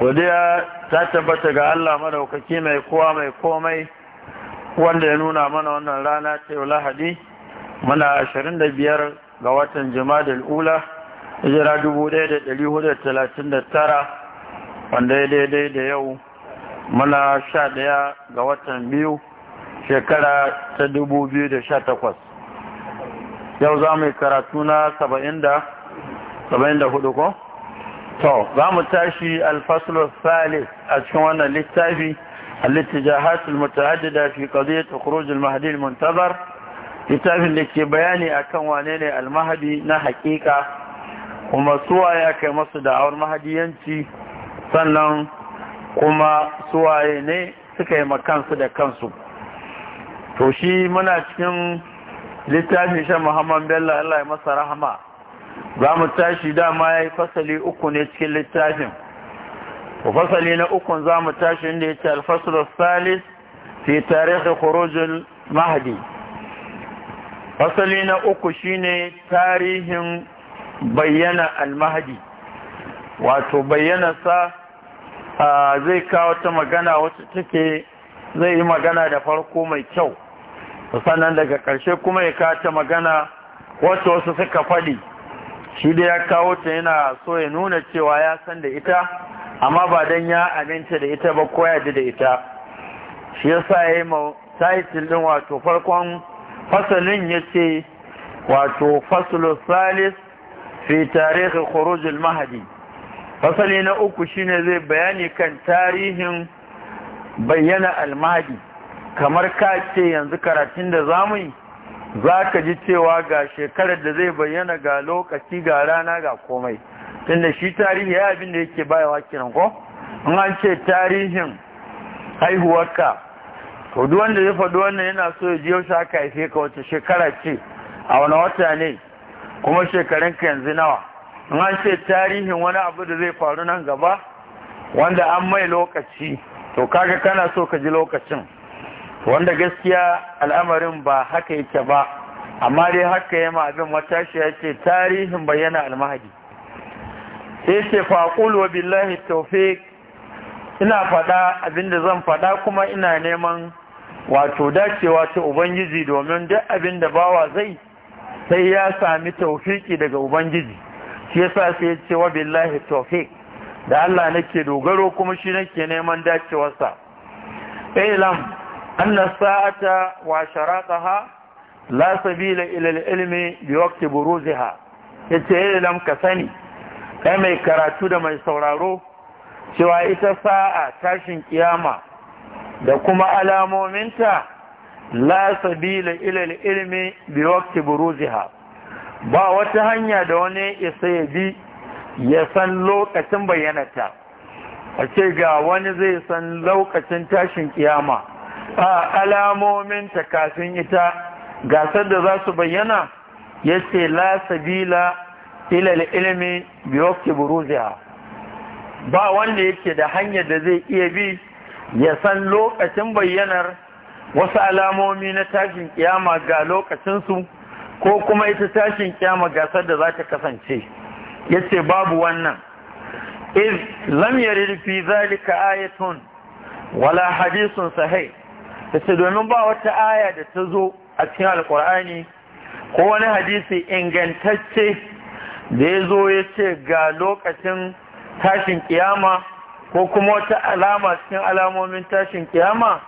godiya ta tabbata ga Allah madaukaki mai kowa mai komai wanda ya nuna mana wannan rana ta yau lahadi muna 25 ga watan jimadil ula hijira 1439 wanda ya daidai da yau muna 11 ga watan biyu shekara ta 2018 yau za mu yi karatu na 74 ko? to za mu tashi alfasulun fali a cikin wannan littafi الاتجاهات المتعددة في قضية خروج المهدي المنتظر littafin da ke bayani akan wane ne almahadi na hakika kuma suwaye kai masu da'awar mahadiyanci sannan kuma suwaye ne suka yi makansu da kansu to shi muna cikin littafin shan muhammad bello allah ya masa rahama za mu tashi dama ya yi fasali uku ne cikin littafin fasali na uku za mu tashi inda ya ce alfasarar salis fi tarihi kurojin mahadi fasali na uku shine tarihin bayyana almahadi wato sa zai kawo ta magana wacce take zai yi magana da farko mai kyau sannan daga ƙarshe kuma ya kawo ta magana wasu wasu suka faɗi shi da ya kawo ta yana so ya nuna cewa ya san da ita amma ba dan ya aminta da ita ba ko ya da ita shi ya sa ya yi title din wato farkon fasalin ya ce wato fasalin salis fi tarihin khurujul mahadi fasali na uku shine zai bayani kan tarihin bayyana almahadi kamar ka ce yanzu karatun da zamu za ka ji cewa ga shekarar da zai bayyana ga lokaci ga rana ga komai tunda shi tarihi ya abin da yake bayawa kiran ko in an ce tarihin haihuwarka to duk wanda ya faɗi wannan yana so ya ji yaushe aka haife ka wace shekara ce a wani wata ne kuma ka yanzu nawa in an ce tarihin wani abu da zai faru nan gaba wanda an mai lokaci to kaga kana so ka ji lokacin wanda gaskiya al'amarin ba haka yake ba amma dai haka ya ma abin matashi ya ce tarihin bayyana almahadi sai ce faƙul wa billahi taufik ina faɗa abinda zan faɗa kuma ina neman wato dacewa ta ubangiji domin duk abinda bawa zai sai ya sami taufiki daga ubangiji shi yasa sai ya ce wa billahi taufik da Allah nake dogaro kuma shi nake neman dacewarsa ilam anna sa'ata wa sharaqaha la sabila ila al-ilmi bi waqti buruziha yace lam ka sani kai mai karatu da mai sauraro cewa ita sa'a tashin ƙiyama. da kuma alamominta la sabila ila al-ilmi bi buruziha ba wata hanya da wani isa ya bi ya san lokacin bayyanata a ce ga wani zai san lokacin tashin ƙiyama. alamominta kafin ita gasar da za su bayyana ya ce la sabila ilal ilimi biyokti buruziya ba wanda yake da hanyar da zai iya bi ya san lokacin bayyanar wasu alamomi na tashin kiyama ga lokacinsu ko kuma ita tashin kiyama gasar da za ta kasance ya ce babu wannan iz lam yarid fi zalika ayatun wala hadisun sahih ta ce domin ba wata aya da ta zo a cikin alkur'ani ko wani hadisi ingantacce da ya zo ya ce ga lokacin tashin kiyama ko kuma wata alama cikin alamomin tashin kiyama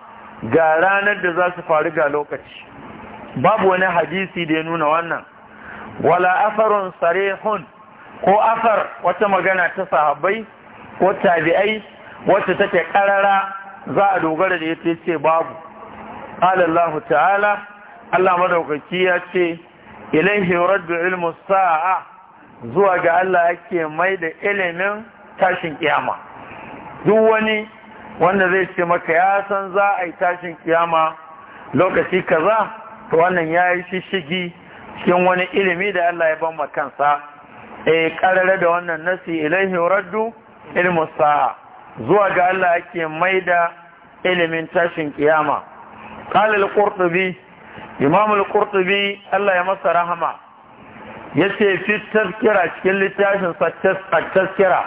ga ranar da za su faru ga lokaci babu wani hadisi da ya nuna wannan wala asarun sarihun ko asar wata magana ta sahabbai ko tabi'ai wacce take karara za a dogara da ya ce babu qala Allah ta'ala Allah madaukaki ya ce ilaihi yuraddu ilmu sa'a zuwa ga Allah yake mai da ilimin tashin kiyama duk wani wanda zai ce maka ya san za a yi tashin kiyama lokaci kaza to wannan yayi shishigi cikin wani ilimi da Allah ya ban kansa eh karare da wannan nasi ilaihi yuraddu ilmu sa'a zuwa ga Allah yake mai da ilimin tashin kiyama qala al Imamul imam Allah ya masa rahama yace fi tazkira cikin littafin a tazkira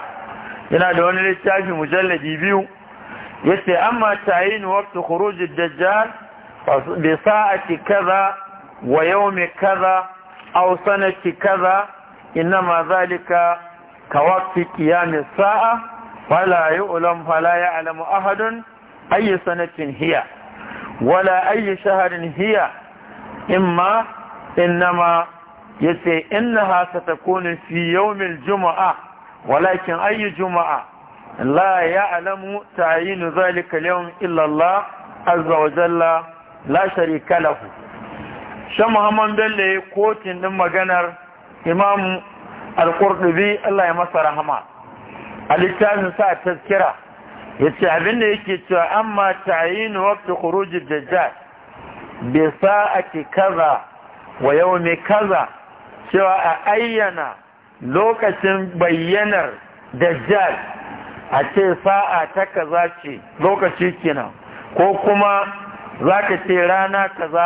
yana da wani littafi mujalladi biyu yace amma tayin waqt khuruj ad-dajjal bi sa'ati kaza wa yawmi kaza aw sanati kaza inma zalika ka waqti qiyam as-sa'a fala yu'lam fala ya'lamu ahadun ayyu sanatin hiya wala ayyi shaharin hiya imma innama yace innaha satakunu fi yawmil juma'a.' walakin ayyi juma'a. la ya'lamu ta'yin zalika al-yawm illa Allah azza la sharika shan muhammad bello kotun din maganar imam al-qurtubi Allah ya masa rahama a littafin sa taskira. yace abin da yake cewa amma ta'yin waqti khuruj ad-dajjal bi sa'ati kaza wa yawmi kaza cewa a ayyana lokacin bayyanar dajjal a ce sa'a ta kaza ce lokaci kenan ko kuma zaka ce rana kaza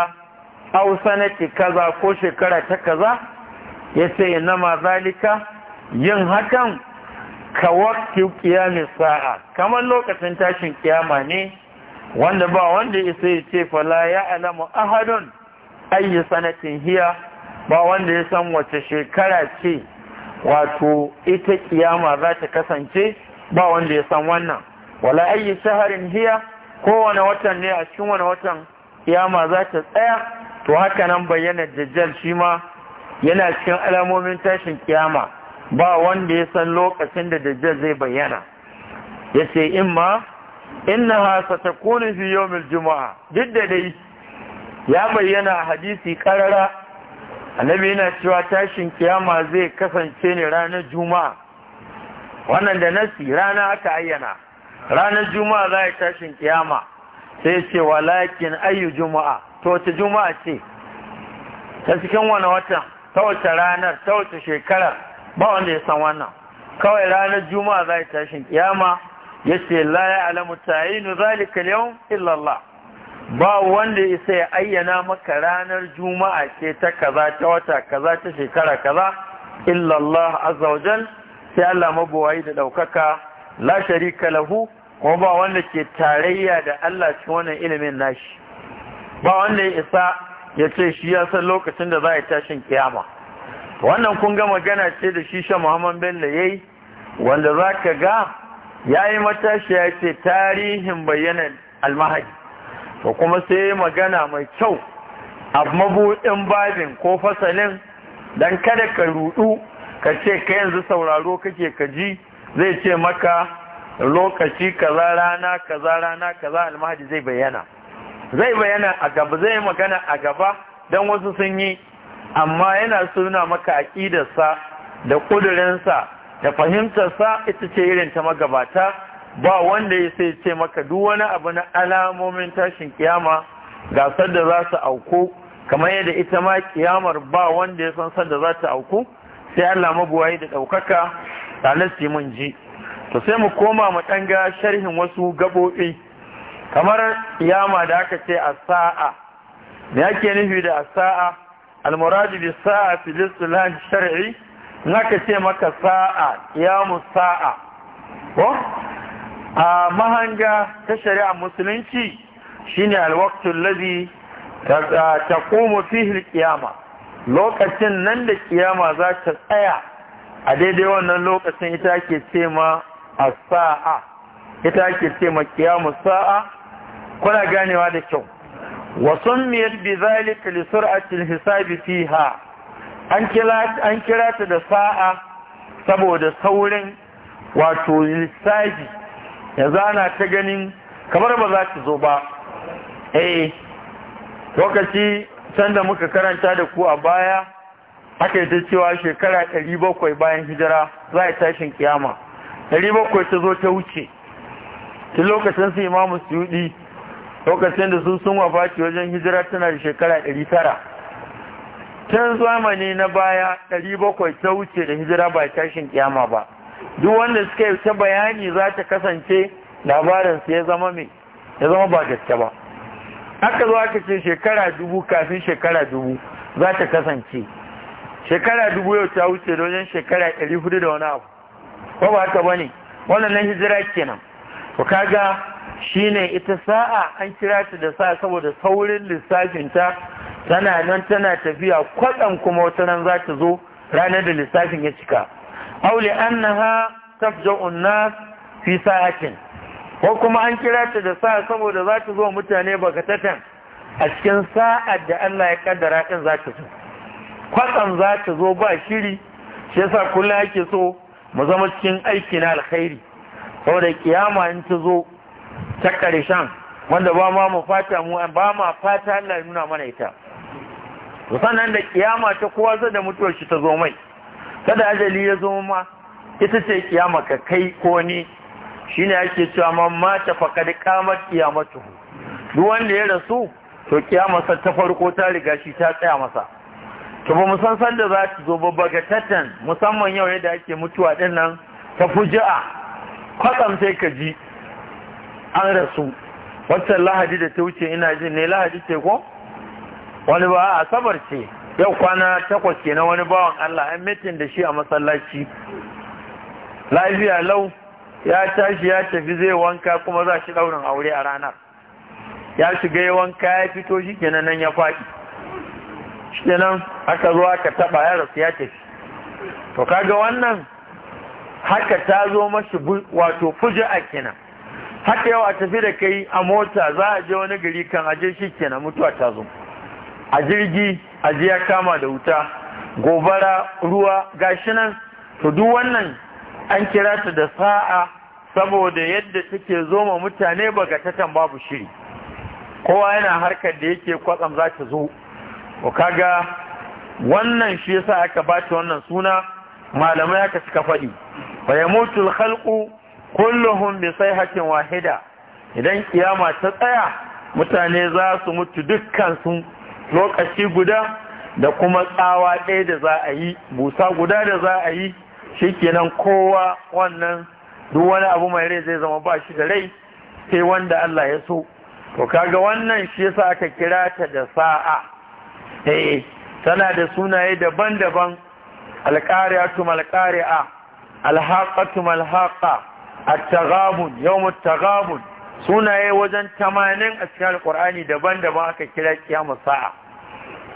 aw sanati kaza ko shekara ta kaza yace inna ma zalika yin hakan ka waqti ƙiyamin sa'a kamar lokacin tashin ƙiyama ne wanda ba wanda ya sai ce fala ya alamu ahadun ayyi sanatin hiya ba wanda ya san wace shekara ce wato ita ƙiyama za ta kasance ba wanda ya san wannan wala ayyi shaharin hiya kowane watan ne a cikin wani watan ƙiyama za ta tsaya to haka nan bayyana jajjal shi ma yana cikin alamomin tashin ƙiyama. ba wanda ya san lokacin da dajjal zai bayyana yace ce imma innaha satakunu fi yawmil juma'a duk da dai ya bayyana hadisi karara annabi yana cewa tashin kiyama zai kasance ne ranar juma'a wannan da nasi rana aka ayyana ranar juma'a za ya tashin kiyama sai ce walakin ayu juma'a to ta juma'a ce ta cikin wani watan ta wace ranar ta wata shekarar ba wanda ya san wannan kawai ranar juma'a za a tashin kiyama ya ce alamu ta'inu zalika yau illallah ba wanda ya ya ayyana maka ranar juma'a ce ta kaza ta wata kaza ta shekara kaza illallah azza wajal sai Allah mabuwayi da daukaka la sharika lahu kuma ba wanda ke tarayya da Allah cikin wannan ilimin nashi ba wanda ya isa ya ce shi ya san lokacin da za a tashin kiyama wannan kun ga magana ce da shi shan muhammad bello yi, wanda za ka ga ya yi matashi ya ce tarihin bayyana almahadi Ko kuma sai ya magana mai kyau a mabuɗin babin ko fasalin don kada ka rudu ka ce ka yanzu sauraro kake ka ji zai ce maka lokaci kaza rana kaza rana kaza almahadi zai bayyana zai bayyana a gaba zai magana a gaba don wasu sun yi amma yana suna maka aƙidarsa da ƙudurinsa da fahimtarsa ita ce irin ta magabata ba wanda ya sai ce maka duk wani abu na alamomin tashin kiyama ga sadda za su auku kamar yadda ita ma kiyamar ba wanda ya san sadda za ta auku sai Allah mabuwayi da ɗaukaka yi mun ji to sai mu koma mu ɗan sharhin wasu gaɓoɓi kamar kiyama da aka ce a sa'a me ake nufi da a sa'a al bisa bi sa'a fil shar'i naka ce maka sa'a qiyamu sa'a ko a mahanga ta shari'a musulunci shine al-waqtu alladhi taqumu fihi lokacin nan da kiyama za ta tsaya a daidai wannan lokacin ita ake ce ma as-sa'a ita ake ce ma qiyamu sa'a kuna ganewa da kyau وسميت بذلك لسرعة الحساب فيها an kira ta da sa'a saboda saurin wato lissafi ya zana ta ganin kamar ba za ta zo ba eh lokaci sanda muka karanta da ku a baya aka yi ta cewa shekara 700 bayan hijira za a tashin kiyama 700 ta zo ta wuce tun lokacin su imamu suyudi lokacin da sun sun wafaci wajen hijira tana da shekara 900 tun zamani na baya 700 ta wuce da hijira ba tashin kiyama ba duk wanda suka yi ta bayani za ta kasance labarinsu ya zama mai ya zama ba gaske ba aka zo aka ce shekara dubu kafin shekara dubu za ta kasance shekara dubu yau ta wuce da wajen shekara 400 da wani abu ba ba ta bane wannan hijira kenan to kaga Shi ne ita sa'a an kira ta da sa'a saboda saurin lissafinta tana nan tana tafiya kwaɗan kuma wata nan za ta zo ranar da lissafin ya cika aule ha tafja unna fi sa'atin ko kuma an kira ta da sa'a saboda za ta zo mutane bakatatan a cikin sa'ad da Allah ya kaddara din za ta zo kwatsam za ta zo ba shiri shi yasa kullum ake so mu zama cikin aiki na alkhairi saboda ƙiyama in ta zo ta ƙarshen wanda ba ma mu fata mu ba ma fata Allah nuna mana ita sannan da kiyama ta kowa zai da mutuwar shi ta zo mai kada ajali ya zo ma ita ce kiyama ka kai ko ni shine ake cewa man mata faqad qamat qiyamatuhu duk wanda ya rasu to sa ta farko ta riga shi ta tsaya masa to ba mu san san da za ta zo ba bagatatan musamman yau yadda ake mutuwa din nan ta fuji'a kwatsam sai ka ji an rasu waccan lahadi da ta wuce ina jin ne lahadi ce ko wani ba a asabar ce yau kwana takwas ke na wani bawan Allah an metin da shi a masallaci lafiya lau ya tashi ya tafi zai wanka kuma za shi daurin aure a ranar ya shiga ya wanka ya fito shi kenan nan ya faɗi shi kenan aka zuwa ka taba ya rasu ya tafi to kaga wannan haka ta zo mashi wato fuja a kenan haka yau a tafi da kai a mota za a je wani gari kan aje shi kenan mutuwa ta zo a jirgi aje ya kama da wuta gobara ruwa gashi nan to duk wannan an kira ta da sa'a saboda yadda take zo ma mutane tatan babu shiri kowa yana harkar da yake kwatsam za ta zo ko kaga wannan shi yasa aka bata wannan suna malamai aka suka faɗi fa yamutul khalqu kulluhum bi sayhatin wahida idan kiyama ta tsaya mutane za su mutu dukkan su lokaci guda da kuma tsawa ɗaya da za a yi busa guda da za a yi shikenan kowa wannan duk wani abu mai rai zai zama ba shi da rai sai wanda Allah ya so to kaga wannan shi yasa aka kira ta da sa'a eh tana da sunaye daban-daban alqari'atu malqari'a alhaqatu malhaqa at tagabun, yawmut taghabun sunaye wajen tamanin a cikin alqur'ani daban-daban aka kira kiyama sa'a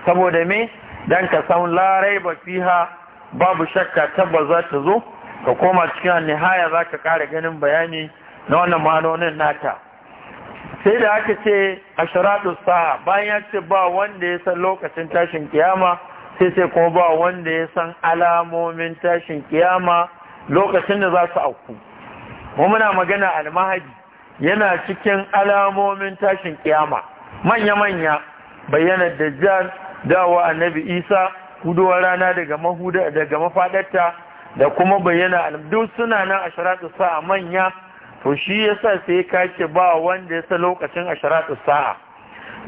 saboda me dan ka san la raiba fiha babu shakka tabbas za ta zo ka koma cikin nihaya za ka kara ganin bayani na wannan ma'anonin nata sai da aka ce a sa'a bayan ya ce ba wanda ya san lokacin tashin kiyama sai sai kuma ba wanda ya san alamomin tashin kiyama lokacin da za su auku mu muna magana almahadi yana cikin alamomin tashin kiyama manya-manya bayyana dajjal dawa annabi isa huduwar rana daga mahuda daga mafadarta da kuma bayyana duk suna nan asharatu sa'a manya to shi yasa sai ka ce ba wanda ya sa lokacin asharatu sa'a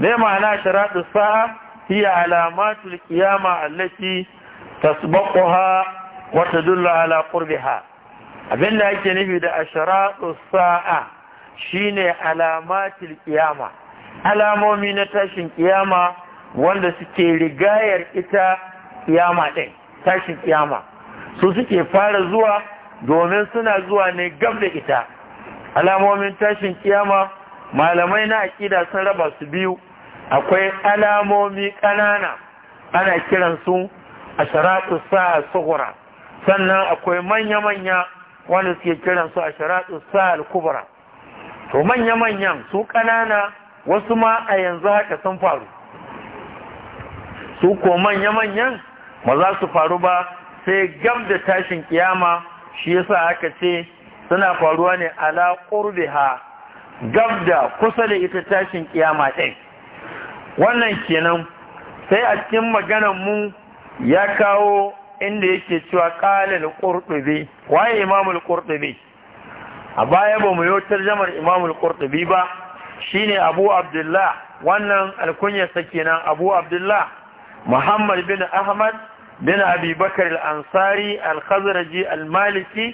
me ma'ana asharatu sa'a hiya alamatul qiyama allati tasbaquha wa tadullu ala qurbiha abin da ake nufi da asharatu sa'a shine alamatil kiyama alamomi na tashin kiyama wanda suke rigayar ita kiyama ɗin tashin kiyama su suke fara zuwa domin suna zuwa ne gab da ita alamomin tashin kiyama malamai na aƙida sun raba su biyu akwai alamomi ƙanana ana kiransu asharatu sa'a sughra sannan akwai manya-manya wanda suke kiran su a sharaɗu sa'al kubra to manya-manyan su ƙanana wasu ma a yanzu haka sun faru su ko manya-manyan ba za su faru ba sai gab da tashin kiyama shi yasa aka ce suna faruwa ne ala qurbiha gab da kusa da ita tashin kiyama ɗin wannan kenan sai a cikin maganar mu ya kawo inda yake cewa qalal ƙurɗubi waye imamul qurtubi a baya ba mu yi tarjamar imamul qurtubi ba shine abu abdullah wannan alkunyarsa kenan abu abdullah muhammad bin ahmad bin abi bakar al-ansari al-khazraji al-maliki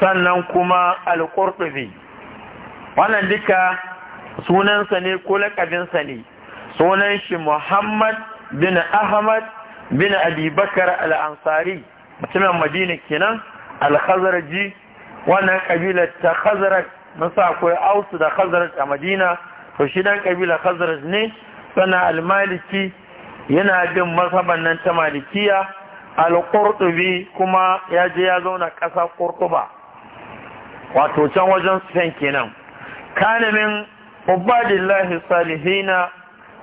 sannan kuma al-qurtubi wannan duka sunansa ne ko lakabinsa ne sunan shi muhammad bin ahmad bin abi bakar al-ansari mutumin madina kenan al-khazraji wannan kabilar ta khazraj mun sa akwai ausu da khazraj a madina to dan kabilar khazraj ne sannan al-maliki yana bin mazhaban nan ta malikiya al-qurtubi kuma ya je ya zauna ƙasa qurtuba wato can wajen spain kenan kana min ubadillahi salihina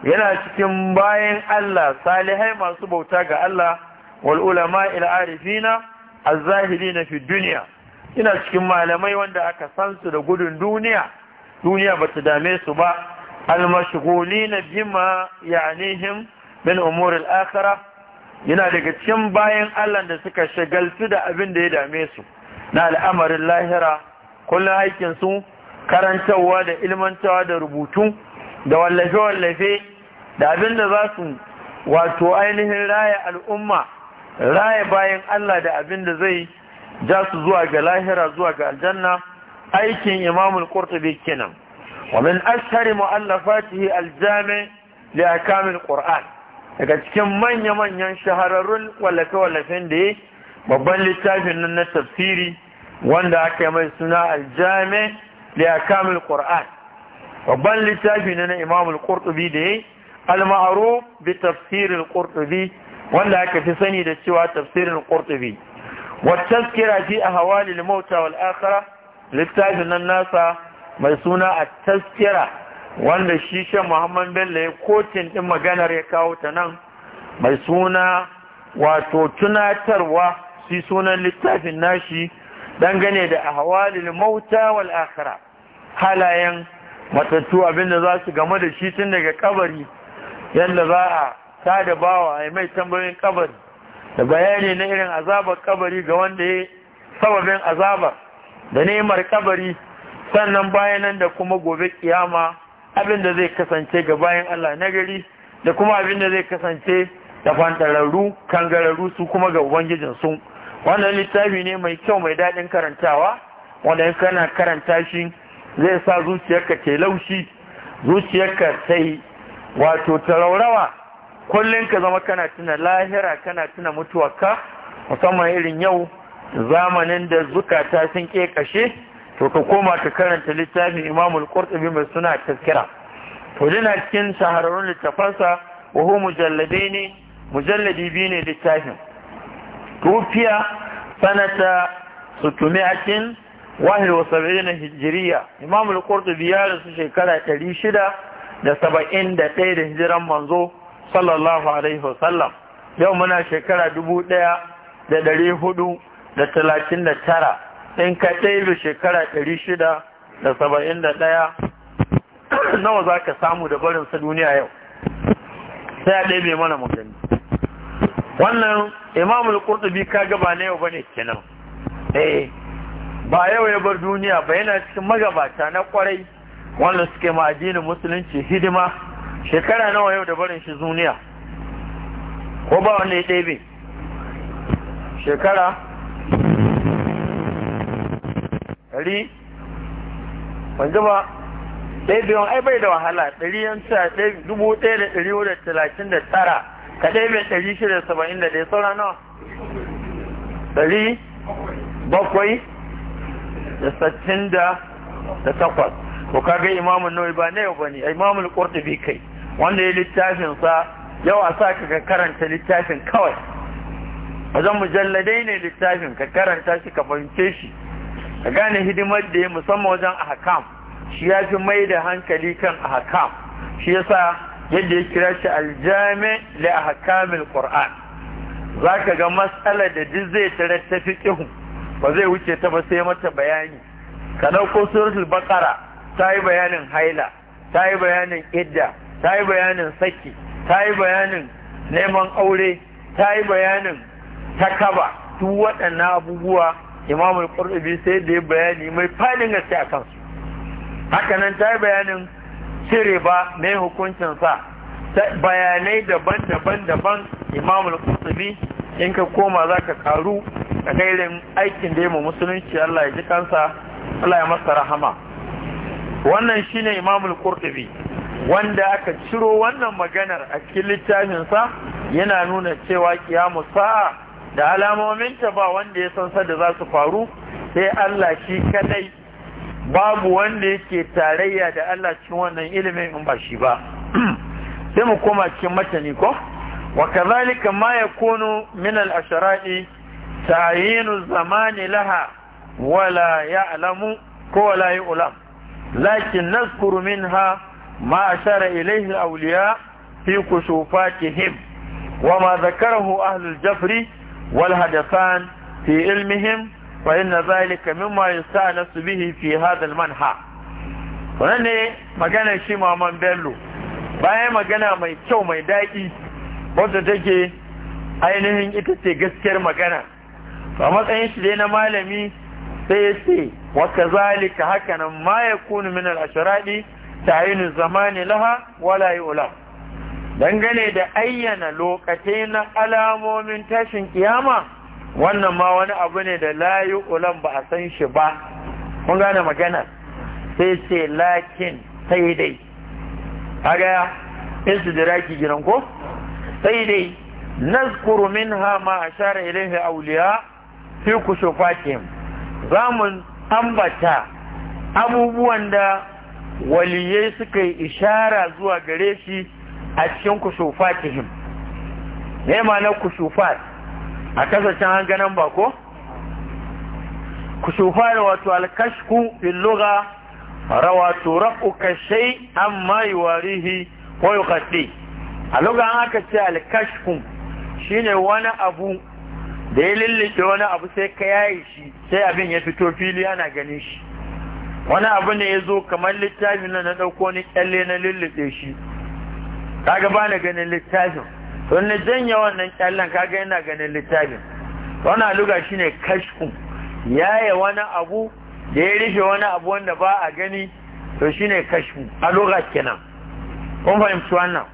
yana cikin bayan Allah salihai masu bauta ga Allah wal ulama il arifina zahiri na fi dunya ina cikin malamai wanda aka san su da gudun duniya duniya bata dame su ba al-mashghulina bima ya'nihim min umur al-akhirah yana daga cikin bayan Allah da suka shagaltu da abin da ya dame su na al'amarin lahira kullum aikin su karantawa da ilmantawa da rubutu da wallafe-wallafe da abin da za su wato ainihin raya al'umma raya bayan Allah da abin da zai ja su zuwa ga lahira zuwa ga aljanna aikin imamul qurtubi kenan wa min ashhari mu'allafatihi aljami li akamil qur'an daga cikin manya-manyan shahararrun wallafe-wallafen da ya babban littafin nan na tafsiri wanda aka yi mai suna aljami li akamil qur'an babban littafin nan na imamul qurtubi da ya al-ma'ruf bi tafsir al-qurtubi wanda aka fi sani da cewa tafsir al-qurtubi wa tazkira fi ahwal al-maut wal akhirah littafin nan nasa mai suna at-tazkira wanda shi shan Muhammad Bello ya kotin din maganar ya kawo ta nan mai suna wato tunatarwa shi sunan littafin nashi dangane da ahwalil mauta wal akhirah halayen matattu abinda za su game da shi tun daga kabari yadda za a ta da bawa a mai tambayoyin kabari da bayani na irin azabar kabari ga wanda ya sababin azabar da nemar kabari sannan bayanan da kuma gobe kiyama abinda zai kasance ga bayan Allah na gari da kuma abinda zai kasance da fantararru kangararru su kuma ga ubangijin su wannan littafi ne mai kyau mai daɗin karantawa wanda ya kana karanta shi zai sa zuciyarka ta laushi zuciyarka ta yi wato taraurawa kullum ka zama kana tuna lahira kana tuna mutuwa, ka? musamman irin yau zamanin da zukata sun kashe, to ka koma ka karanta littafin imamul qurtubi mai suna tazkira to dina cikin shahararrun littafansa wa hu mujalladai ne mujalladi biyu ne littafin tufiya sanata sutumi'atin wahil wa sab'ina hijriya imamul qurtubi ya rasu shekara ɗari shida da saba'in da ɗaya da hijiran manzo sallallahu alaihi wasallam yau muna shekara dubu ɗaya da ɗari hudu da talatin da tara in ka ɗaya shekara ɗari shida da saba'in da ɗaya nawa za ka samu da barinsa duniya yau sai a ɗaya mai mana magani wannan imamul qurtubi ka gaba na yau bane kenan eh ba yau ya bar duniya ba yana cikin magabata na kwarai wanda suke ma addinin musulunci hidima shekara nawa yau da barin shi zuniya ko ba wanda ya ɗebe shekara ɗari wanda ba ɗebe ai bai da wahala ɗari yanta dubu ɗaya da ɗari wadda talatin da tara ka ɗebe ɗari shida saba'in da ɗaya saura nawa ɗari bakwai da sattin da takwas to kaga imamu nawawi ba na yau ne imamu al-qurtubi kai wanda ya littafin sa yau a sa ka karanta littafin kawai wajen mujalladai ne littafin ka karanta shi ka fahimce shi ka gane hidimar da ya musamman wajen ahkam shi ya fi mai da hankali kan ahkam shi yasa yadda ya kira shi aljami li ahkamil qur'an zaka ga matsalar da duk zai tare ta fiqhu ba zai wuce ta ba sai mata bayani ka dauko suratul bakara. ta yi bayanin haila ta yi bayanin idda ta yi bayanin saki ta yi bayanin neman aure ta yi bayanin takaba duk waɗannan abubuwa al qurtubi sai da ya bayani mai fadin gaske a kansu haka nan ta yi bayanin cire ba mai hukuncin sa bayanai daban-daban daban al qurtubi in ka koma za ka karu a kairin aikin da ya musulunci Allah ya ji kansa Allah ya masa rahama wannan shine imamul qurtubi wanda aka ciro wannan maganar a cikin littafinsa yana nuna cewa kiyamu sa'a da alamominta ba wanda ya san sadda za su faru sai Allah shi kadai babu wanda yake tarayya da Allah cikin wannan ilimin in ba shi ba sai mu koma cikin matani ko wa kazalika ma yakunu min ta yi ta'yinu zamani laha wala ya'lamu ko wala ulam. lakin nazkuru minha ma ashara ilayhi al-awliya fi kusufatihim wa ma zakarahu ahlu al-jafri wal hadathan fi ilmihim fa inna dhalika mimma yusta'nasu bihi fi hadha al-manha wannan ne magana shi Maman Bello bayan magana mai kyau mai daɗi wadda take ainihin ita ce gaskiyar magana a matsayin shi dai na malami sai ya wa kazalika hakanan ma kunu min al-ashradi ta'inu zamani laha wala dangane da ayyana lokacin na alamomin tashin kiyama wannan ma wani abu ne da la yu'lam ba a san shi ba kun gane magana sai ce lakin sai dai aga istidraki gidan ko sai dai nazkuru minha ma ashara ilaihi awliya fi kushufatihim zamu ambata abubuwan da waliyai suka yi ishara zuwa gare shi a cikin kusufatihim ne na kusufat a kasashen hanganan ba ko? kusufat wato alkashku fil lugha rawato rabuka shay amma yuwarihi ko yuqaddi a lugha aka ce alkashku shine wani abu da ya lullike wani abu sai ka yaye shi sai abin ya fito fili ana ganin shi wani abu ne ya zo kamar littafin nan na ɗauko ni kyalle na lullike shi kaga ba na ganin littafin don na janya wannan kyallen kaga yana ganin littafin wani aluga shi ne kashku yaye wani abu da ya rufe wani abu wanda ba a gani to shi ne kashku a luga kenan kun fahimci wannan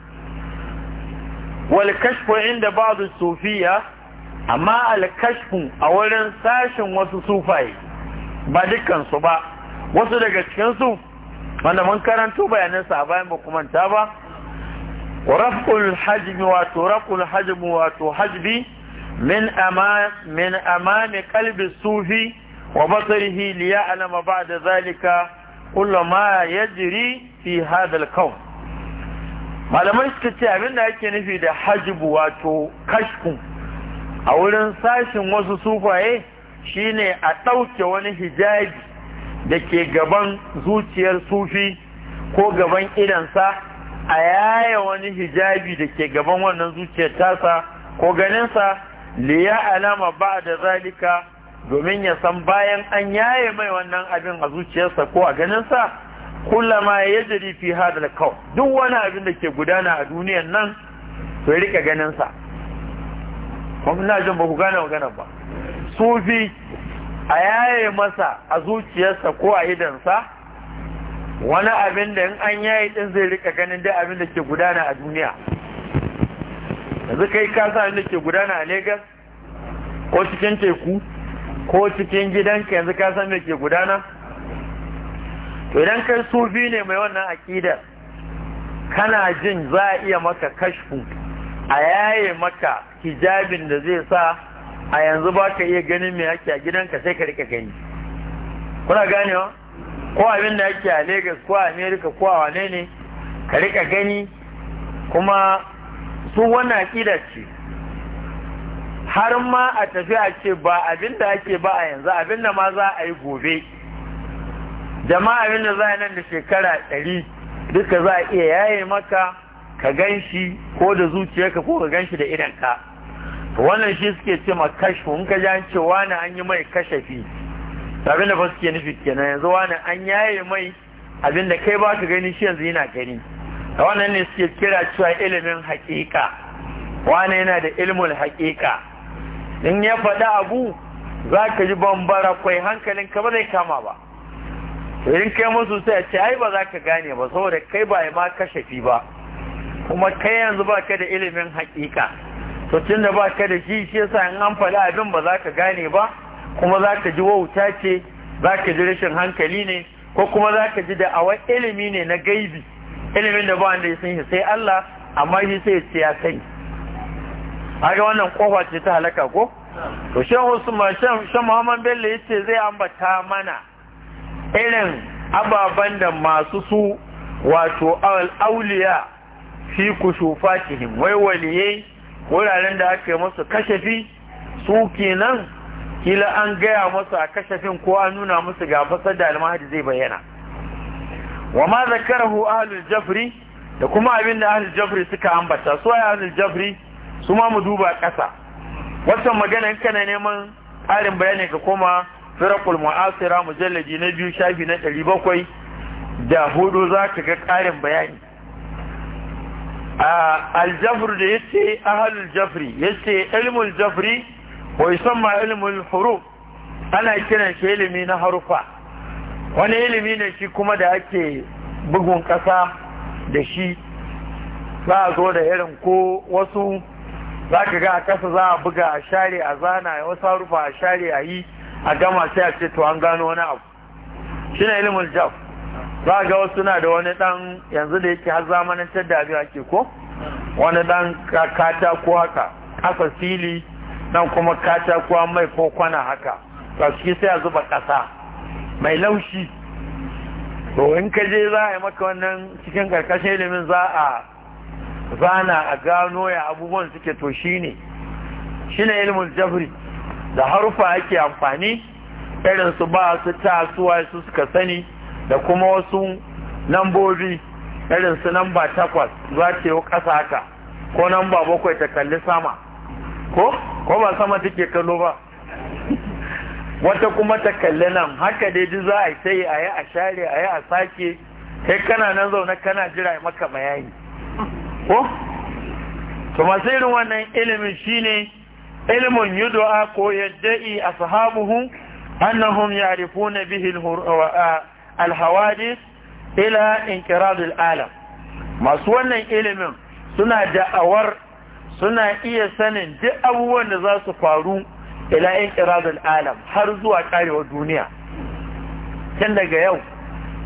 wal kashku inda ba'd sufiya amma alkashfu a wurin sashen wasu sufaye ba dukkansu ba wasu daga cikinsu wanda mun karanto bayanan sa bayan ba kuma ta ba raf'ul hajmi wato raf'ul hajmi wato hajbi min ama min amami qalbi sufi wa basarihi li ya'lama ba'da zalika kullu ma yajri fi hadal malamai suka ce abin da ake nufi da hajbu wato kashkun a wurin sashin wasu sufaye shine a ɗauke wani hijabi da ke gaban zuciyar sufi ko gaban idansa a yaya wani hijabi da ke gaban wannan zuciyar tasa ko ganinsa ya alama ba da zalika domin ya san bayan an yaye mai wannan abin a zuciyarsa ko a ganinsa kullama ya jari fi hadal kau, duk wani abin da ke gudana a duniyan nan to ya rika ganinsa kuma jin ba ku gane magana ba sufi a yaye masa a zuciyarsa ko a idansa wani abin da in an yaye din zai rika ganin dai abin da ke gudana a duniya yanzu kai ka sa abin da ke gudana a Legas ko cikin teku ko cikin gidanka yanzu ka san me ke gudana to idan kai sufi ne mai wannan akidar kana jin za a iya maka kashfu a yaye maka hijabin da zai sa a yanzu ba ka iya ganin mai ake a gidanka sai ka rika gani kuna wa? ko abin da ake a Legas ko a Amerika ko a wane ne ka rika gani kuma su wani aƙida ce har ma a tafi a ce ba abin da ake ba a yanzu abin da ma za a yi gobe jama'a abin da za a nan da shekara ɗari duka za a iya yaye maka ka gan shi ko da zuciyarka ko ka gan shi da idanka wannan shi suke ce ma kashi in ka ji an ce wani an yi mai kashafi abin da ba suke nufi kenan yanzu wani an yaye mai abin da kai ba ka gani shi yanzu yana gani da wannan ne suke kira cewa ilimin haƙiƙa wani yana da ilimin haƙiƙa in ya faɗi abu za ka ji bambara kwai hankalin ka ba zai kama ba idan kai musu sai a ce ai ba za ka gane ba saboda kai ba ya ma kashafi ba kuma kai yanzu ba ka da ilimin haƙiƙa to tun da ba ka da shi shi yasa in an faɗi abin ba za ka gane ba kuma za ka ji wauta ce za ka ji rashin hankali ne ko kuma za ka ji da awa ilimi ne na gaibi ilimin da ba wanda ya san shi sai Allah amma shi sai ya ce ya sani haka wannan kofa ce ta halaka ko to shan usman shan muhammad bello yace zai ambata mana irin ababan da masu su wato al-awliya fi kusufatihim wai waliyai wuraren da aka yi musu kashafi su kenan kila an gaya musu a kashafin ko an nuna musu ga fasar da almahadi zai bayyana wa ma zakarahu ahlul jafri da kuma abin da ahlul jafri suka ambata su ai ahlul jafri su ma mu duba ƙasa wannan magana in kana neman ƙarin bayani ka koma firaqul mu'asira mujalladi na biyu shafi na ɗari da hudu za ka ga ƙarin bayani aljafr da yace ahlul jafri yace ilmul jafri wa yusamma ilmul huruf ana kiran shi ilimi na harufa wani ilimi ne shi kuma da ake bugun ƙasa da shi za a zo da irin ko wasu za ka ga a ƙasa za a buga a share a zana a wasu harufa a share a yi a gama sai a ce to an gano wani abu shi ne ilimin jaf za ga wasu na da wani dan yanzu da yake har zamanantar da abin ake ko wani dan kata ko haka aka fili nan kuma kata ko mai ko kwana haka to shi sai a zuba kasa mai laushi to in ka je za a yi maka wannan cikin karkashin ilimin za a zana a gano ya abubuwan suke to shi ne ilimin jafri da harufa ake amfani irin su ba su ta su suka sani da kuma wasu nambobi irin su namba takwas za ta yi ƙasa haka ko namba bakwai ta kalli sama ko ko ba sama take kallo ba wata kuma ta kalli nan haka dai ji za a sai a yi a share a yi a sake kai kana nan zaune kana jira maka bayani ko to masu irin wannan ilimin shine ilimin yudu'a ko yadda'i ashabuhu annahum ya'rifuna bihi al alhawadis ila inkiradul alam masu wannan ilimin suna da'awar suna iya sanin duk abubuwan da za su faru ila inkiradul alam har zuwa karewar duniya tun daga yau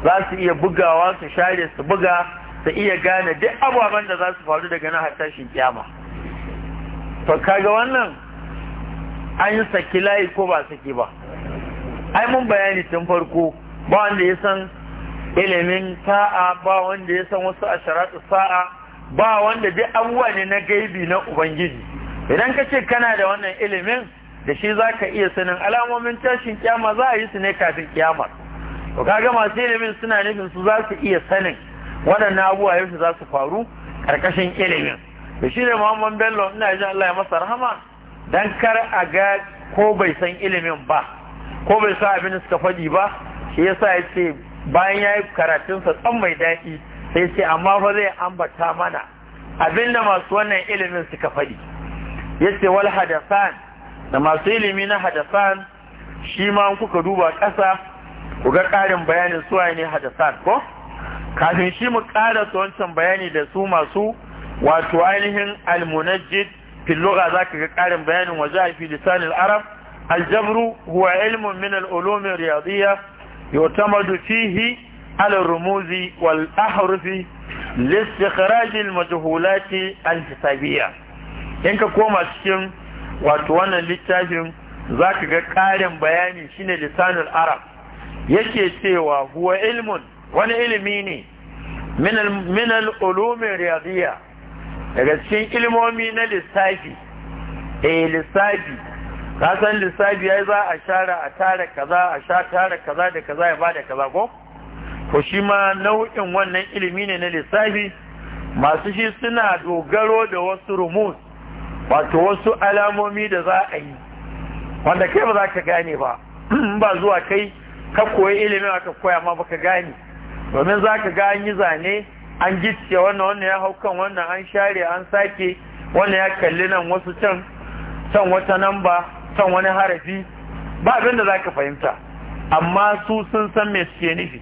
za su iya bugawa su share su buga su iya gane duk abubuwan da za su faru daga na tashin kiyama to kaga wannan an yi saki layi ko ba saki ba ai mun bayani tun farko ba wanda ya san ilimin sa'a, ba wanda ya san wasu sharatu sa'a ba wanda bi abubuwa ne na gaibi na ubangiji idan ka ce kana da wannan ilimin da shi za ka iya sanin alamomin tashin kyama za a yi su ne kafin kyamar to ga masu ilimin suna nufin su za su iya sanin waɗannan abubuwa yaushe za su faru ƙarƙashin ilimin to shi ne muhammad bello ina jin allah ya masa rahama dan kar a ga ko bai san ilimin ba ko bai sa abin da suka faɗi ba shi yasa ya ce bayan ya yi karatunsa tsan mai daɗi sai ce amma ba zai ambata mana abinda masu wannan ilimin suka faɗi ya ce wal hadasan da masu ilimi na hadasan shi ma kuka duba ƙasa ku ga ƙarin bayanin suwa ne hadasan ko kafin shi mu ƙara su wancan bayani da su masu wato ainihin almunajjid fil za ka ga ƙarin bayanin waje fi lisanil arab aljabru huwa ilmun min al يعتمد فيه على الرموز والأحرف لاستخراج المجهولات الحسابية إنك كوما تشم واتوانا للتاجم ذاك قارن بياني شين لسان العرب يكي سيوا هو علم wani علميني من من العلوم riyadiyya daga cikin ilmomi na lissafi eh ka san lissafi ya za a share a tare kaza a sha tare kaza da kaza ya bada kaza ko ko shi ma nau'in wannan ilimi ne na lissafi masu shi suna dogaro da wasu rumus wato wasu alamomi da za a yi wanda kai ba za ka gane ba ba zuwa kai ka koyi ilimin aka koya ma baka gane domin za ka ga an yi zane an gicciye wannan wannan ya hau kan wannan an share an sake wannan ya kalli nan wasu can can wata namba son wani harafi ba abin da za ka fahimta amma su sun san mai suke nufi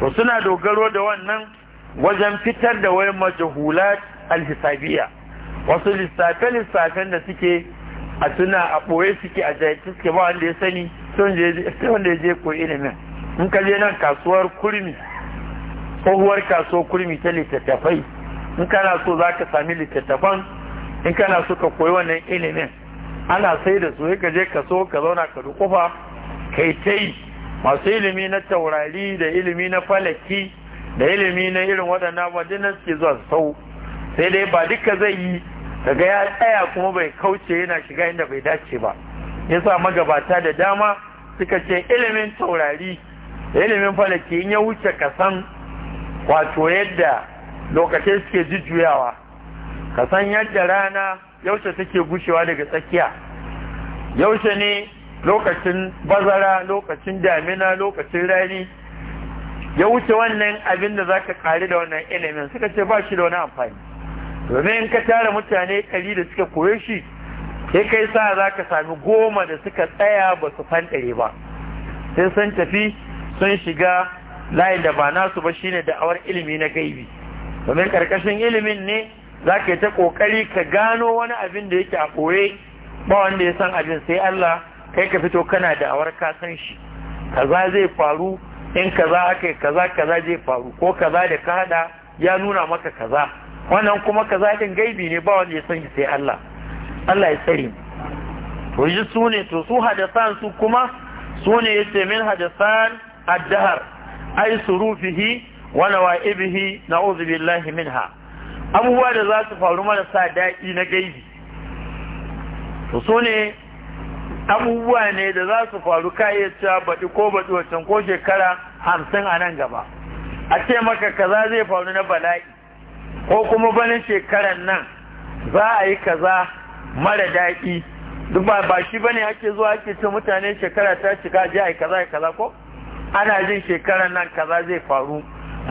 to suna dogaro da wannan wajen fitar da wai majahulat alhisabiya wasu lissafe-lissafen da suke a suna a ɓoye suke a jahilci suke ba wanda ya sani sun wanda ya je ilimin in ka je nan kasuwar kurmi tsohuwar kasuwar kurmi ta littattafai in kana so za ka sami littattafan in kana so ka koyi wannan ilimin ana sai da su ka je ka so ka zauna ka dukufa kai ta yi masu ilimi na taurari da ilimi na falaki da ilimi na irin waɗannan wadannan suke zuwa su sau sai dai ba duka zai yi daga ya tsaya kuma bai kauce yana shiga inda bai dace ba yasa magabata da dama suka ce ilimin taurari da ilimin falaki in ya wuce kasan wato yadda lokacin suke jujjuyawa ka san yadda rana yaushe take gushewa daga tsakiya yaushe ne lokacin bazara lokacin damina lokacin rani ya wuce wannan abin da za ka kari da wannan ilimin suka ce ba shi da wani amfani domin ka tara mutane kari da suka koye shi sai kai sa za ka sami goma da suka tsaya ba su fanɗare ba sai sun tafi sun shiga layin da ba nasu ba shine da'awar ilimi na gaibi domin ƙarƙashin ilimin ne za ka yi ta ƙoƙari ka gano wani abin da yake a ɓoye ba wanda ya san abin sai Allah kai ka fito kana da awar ka san shi kaza zai faru in kaza aka yi kaza kaza zai faru ko kaza da ka haɗa ya nuna maka kaza wannan kuma kaza din gaibi ne ba wanda ya san shi sai Allah Allah ya tsare to yi su ne to su hadasan su kuma su ne ya ce min hadasan addahar ai surufihi wa nawaibihi na'udhu billahi minha abubuwa da za su faru marasa daɗi na gaibi su so ne abubuwa ne da za su faru kayyacca baɗi ko baɗi wacan ko shekara hamsin a nan gaba a ce maka kaza zai faru na bala'i ko kuma banin shekaran nan za a yi kaza mara daɗi duk ba ba shi bane ake zuwa ake ce mutane shekara ta cika je yi kaza kaza ko ana jin shekaran nan kaza zai faru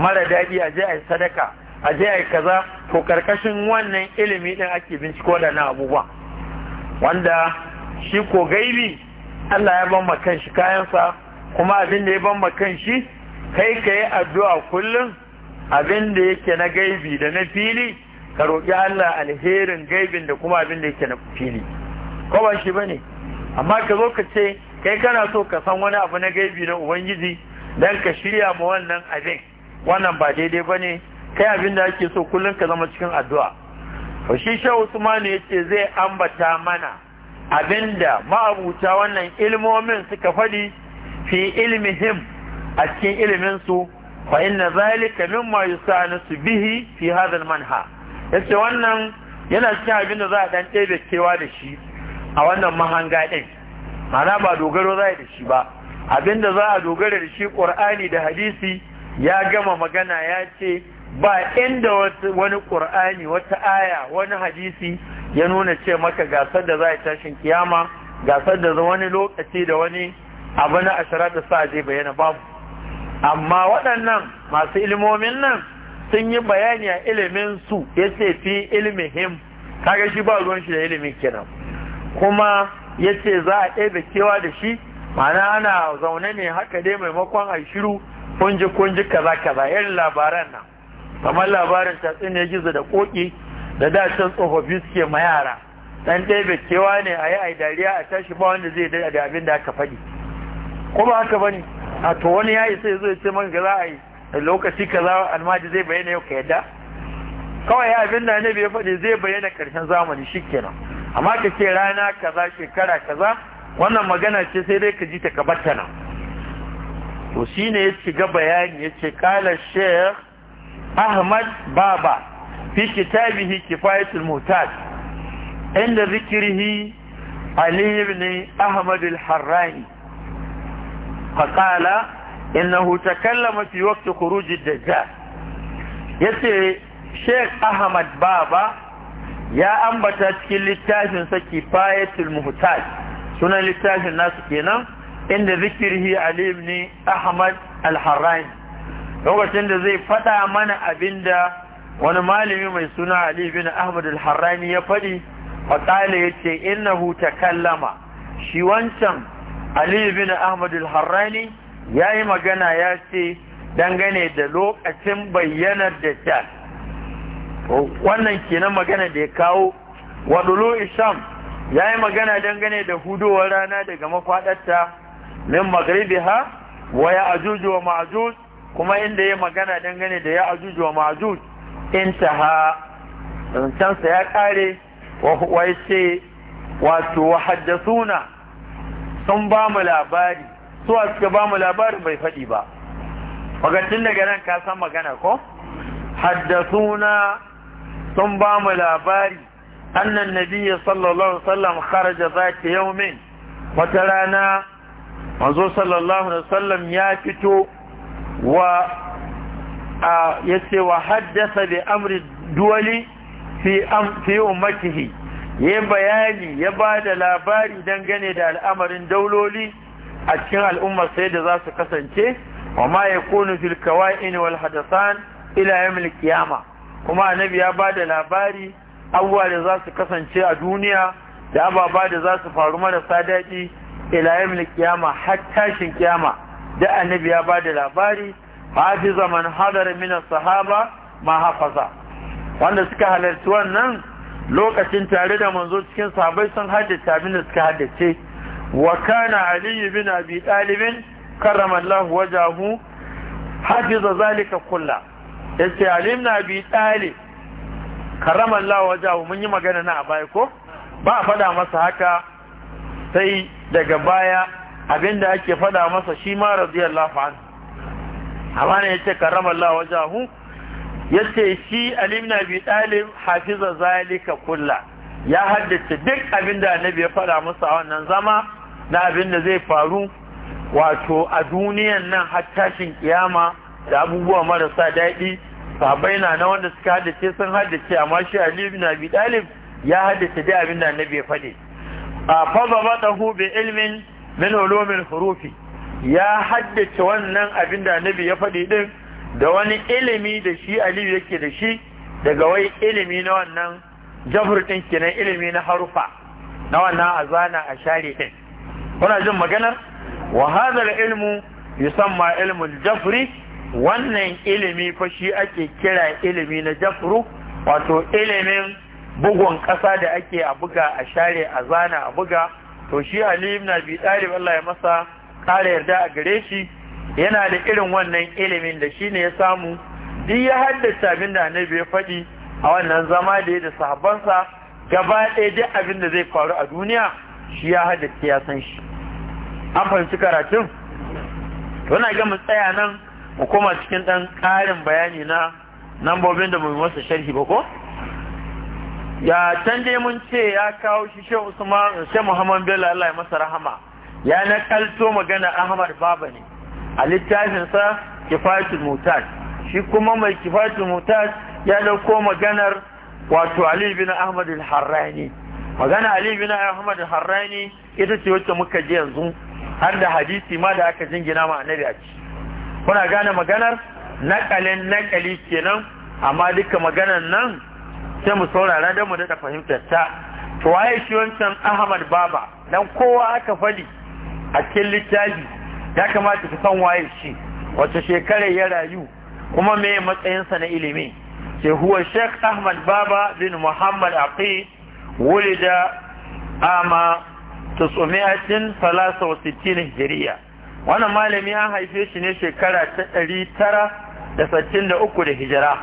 mara daɗi a je a yi sadaka a je ai kaza ko karkashin wannan ilimi din ake binciko da na abubuwa wanda shi ko gaibi Allah ya ban kan shi kayansa kuma abin da ya ban kan shi kai ka yi addu'a kullum abin da yake na gaibi da na fili ka roƙi Allah alherin gaibin da kuma abin da yake na fili ko ba shi bane amma ka zo ka ce kai kana so ka san wani abu na gaibi na ubangiji dan ka shirya ma wannan abin wannan ba daidai bane kai abin da ake so kullum ka zama cikin addu'a to shi sha Usman ya ce zai ambata mana abinda ma'abuta wannan ilmomin suka faɗi fi ilmihim a cikin ilimin su fa inna zalika mimma yusanisu bihi fi hadha manha yace wannan yana cikin abinda za a dan ɗebe cewa da shi a wannan mahanga ɗin mana ba dogaro za da shi ba abinda za a dogara da shi ƙur'ani da hadisi ya gama magana ya ce ba inda wani ƙur'ani wata aya wani hadisi ya nuna ce maka gasar da za a tashin kiyama gasar da wani lokaci da wani abu na ashirar da sa zai bayyana babu amma waɗannan masu ilimomin nan sun yi bayani a ilimin su ya ce fi him kaga shi ba ruwan shi da ilimin kenan kuma ya ce za a ɗebe kewa da shi ma'ana ana zaune ne haka dai maimakon a shiru kunji kunji kaza kaza irin labaran nan kamar labarin tatsin gizo da koki da da can tsofaffi suke ma yara dan ɗaya kewa ne a yi a dariya a tashi ba wanda zai da abin da aka faɗi ko ba haka bane a to wani ya isa ya zo ya ce man ga za a yi lokaci kaza almaji zai bayyana yau ka yadda kawai abin da ne ya faɗi zai bayyana karshen zamani shikenan amma ka ce rana kaza shekara kaza wannan magana ce sai dai ka ji ta nan. to shine ya shiga bayani ya ce kala sheikh ahmad baba fi kitabihi kifayatul muhtaj inda zikrihi ali ibn ahmad al-harrani فقال إنه تكلم في وقت خروج الدجال yace shek Ahmad Baba ya ambata cikin littafin sa Kifayatul Muhtaj sunan littafin nasu kenan inda zikirhi Ali ibn Ahmad al lokacin da zai faɗa mana abinda wani malami mai suna Ali bin Ahmad al-Harrani ya faɗi faƙala ya ce innahu takallama shi wancan Ali bin Ahmad al-Harrani ya yi magana ya ce dangane da lokacin bayyanar da ta wannan kenan magana da ya kawo dulu isham ya yi magana dangane da hudowar rana daga makwaɗarta min magribiha ha wa ya'juj wa ma'juj kuma inda ya magana dangane da ya ajuju wa majuj intaha rancensa ya kare wa ce wato wa haddasuna sun ba mu labari suwa suka ba mu labarin bai faɗi ba magatun daga nan ka san magana ko haddasuna sun ba mu labari annan nabiya sallallahu sallam kharaja za ta yau min wata rana manzo sallallahu sallam ya fito wa yace wa haddasa bi amri duwali fi fi ummatihi ya bayani ya ba da labari dangane da al'amarin dauloli a cikin al'ummar sai da za su kasance wa ma ya kunu fil kawa'in wal hadasan ila yamil kiyama kuma annabi ya ba da labari abubuwa da za su kasance a duniya da ababa da za su faru marasa daɗi ila yamil kiyama har tashin kiyama da annabi ya bada labari hafiza man hadar min sahaba ma hafaza wanda suka halarci wannan lokacin tare da manzo cikin sahabbai sun haddace abin da suka haddace wa kana ali bin abi talib karramallahu wajahu hafiza zalika kulla yace ali bin abi talib karramallahu wajahu mun yi magana na a baya ko ba a faɗa masa haka sai daga baya abinda ake faɗa masa shi ma radiyallahu anhu amma ne yace karamallahu wajahu yace shi Ali ibn Abi Talib hafiza zalika kulla ya haddace duk abinda annabi ya fada masa a wannan zama na abinda zai faru wato a duniyan nan har tashin kiyama da abubuwa marasa daɗi sabai na na wanda suka haddace sun haddace amma shi Ali ibn Abi Talib ya haddace duk abinda annabi ya faɗi a fa bi ilmin min ulumin hurufi ya haddace wannan abin da nabi ya faɗi din da wani ilimi da shi aliyu yake da shi daga wai ilimi na wannan jafur din kenan ilimi na harufa na wannan azana a share din kuna jin maganar wa hadha ilmu yusamma ilmu al-jafri wannan ilimi fa shi ake kira ilimi na jafru wato ilimin bugun ƙasa da ake a buga a share a a buga to shi Ali ibn Abi Talib Allah ya masa kare yarda a gare shi yana da irin wannan ilimin da shi ne ya samu duk ya haddace abin da Annabi ya faɗi a wannan zama da ya da sahabbansa gaba ɗaya duk abin da zai faru a duniya shi ya haddace ya san shi an fahimci karatun to na ga mu tsaya nan mu koma cikin ɗan ƙarin bayani na nambobin da mu masa sharhi ba ko ya can dai mun ce ya kawo shi shehu usman sai muhammad bello allah ya masa rahama ya nakalto magana ahmad baba ne a littafinsa Kifatul mutaz shi kuma mai Kifatul mutaz ya dauko maganar wato ali bin ahmad al-harrani magana ali bin ahmad al-harrani ita ce wacce muka ji yanzu har da hadisi ma da aka jingina ma annabi a ci kuna gane maganar nakalin nakali kenan amma duka maganar nan sai mu saurara don mu daɗa fahimtar ta to waye shi wancan ahmad baba dan kowa aka fali a cikin littafi ya kamata ku san waye shi wace shekarar ya rayu kuma me matsayinsa na ilimi sai huwa sheikh ahmad baba bin muhammad aqi wulida ama sitin hijiriya wannan malami an haife shi ne shekara ta 963 da hijira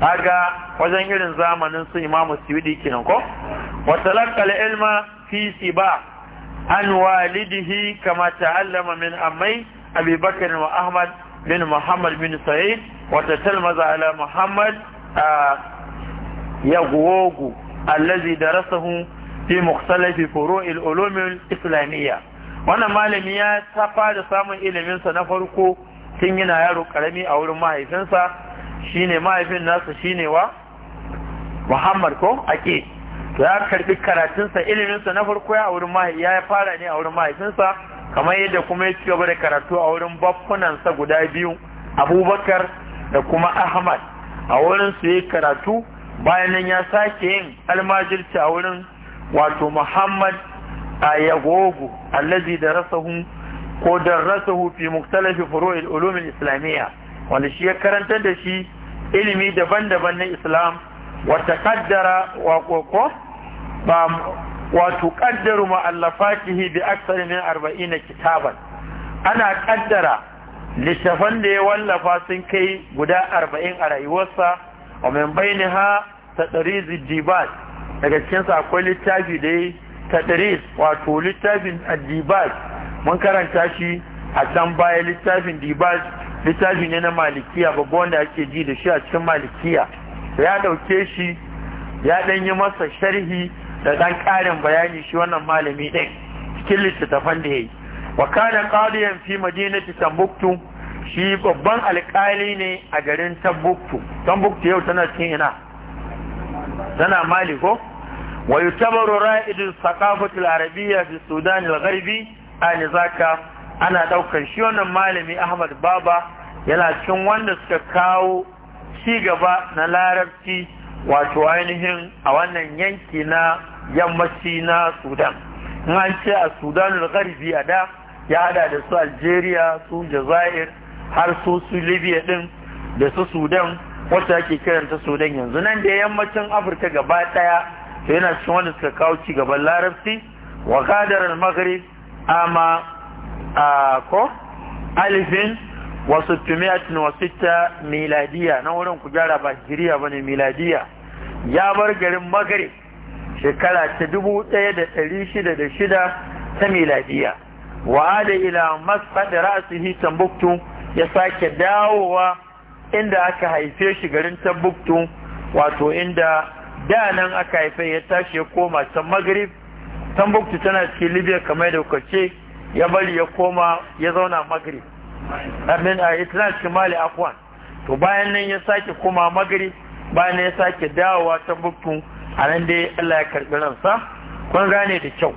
kaga wajen irin zamanin su imamu siwidi kenan ko wa talaqqal ilma fi siba an walidihi kama ta'allama min amai abi bakr wa ahmad bin muhammad bin sa'id wa tatalmaza ala muhammad yagogo allazi darasahu fi mukhtalafi furu'il ulum al-islamiyya wannan malami ya ta fara samun ilimin sa na farko tun yana yaro karami a wurin mahaifinsa Shi ne mahaifin nasa shine wa Muhammad ko ake to ya karbi karatunsa iliminsa na farko ya wurin mahaifin ya fara ne a wurin mahaifinsa kamar yadda kuma ya cigaba da karatu a wurin baffunansa guda biyu Abubakar da kuma Ahmad a wurin su yi karatu bayan nan ya sake yin almajirci a wurin wato Muhammad a Yagogo allazi da rasahu ko da rasahu fi muktalafi furu'il ulumil islamiyya wanda shi ya karantar da shi ilimi daban-daban na islam wata kaddara koko ba wato kaddaru ma'allafatihi bi aksari min arba'ina kitaban ana kaddara littafan da ya wallafa sun kai guda arba'in a rayuwarsa wa ha ta ɗari dibat daga cikin akwai littafi da ya ɗari wato littafin dibat mun karanta shi a can baya littafin dibat littafi ne na malikiya babba wanda ake ji da shi a cikin malikiya ya dauke shi ya ɗan yi masa sharhi da ɗan karin bayani shi wannan malami din cikin littattafan da ya wa kana qadiyan fi madinati tambuktu shi babban alƙali ne a garin tambuktu tambuktu yau tana cikin ina tana mali ko wa yutabaru ra'idul thaqafati al-arabiyya fi sudan al-gharbi an zaka ana ɗaukar shi wannan malami ahmad baba yana cikin wanda suka kawo ci gaba na larabci wato ainihin a wannan yanki na yammaci na sudan in an ce a sudan garbi a da ya hada da su algeria su jazair har su su libya din da su sudan wata ake kiranta sudan yanzu nan da yammacin afirka gaba daya to yana cikin wanda suka kawo ci gaban larabci wa al maghrib ama a ko alifin wasu tumiyatin ta miladiya na wurin ku gyara ba hijiriya ba ne miladiya ya bar garin magare shekara ta dubu ɗaya da ɗari shida da shida ta miladiya wa da ila masfad ra'sihi tambuktu ya sake dawowa inda aka haife shi garin tambuktu wato inda da nan aka haife ya tashi ya koma can magrib tambuktu tana cikin libya kamar da kuka ce ya bari ya koma ya zauna magrib amin a uh, cikin Mali afwan to bayan nan ya sake koma magrib bayan nan ya sake dawowa ta buktu a nan dai Allah ya karbi ransa kun gane da kyau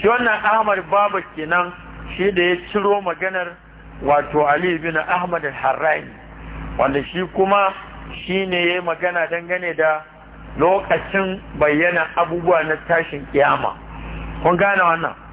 shi wannan ahmad babu kenan shi da ya ciro maganar wato ali bin ahmad al-harrani wanda shi kuma shi ne ya yi magana dangane da lokacin bayyana abubuwa na tashin kiyama kun gane wannan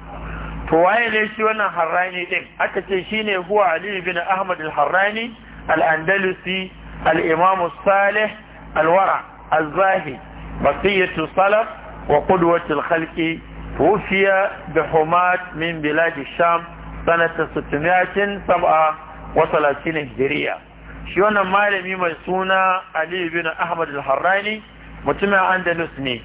to waye ne shi wannan harrani din aka ce shine huwa ali bin ahmad al-harrani al-andalusi al-imam salih al-wara az-zahi baqiyatu salaf wa qudwatu al-khalqi توفي بحماة من بلاد الشام سنة 637 Shi wannan malami mai suna Ali bin Ahmad al-Harrani mutumin Andalus ne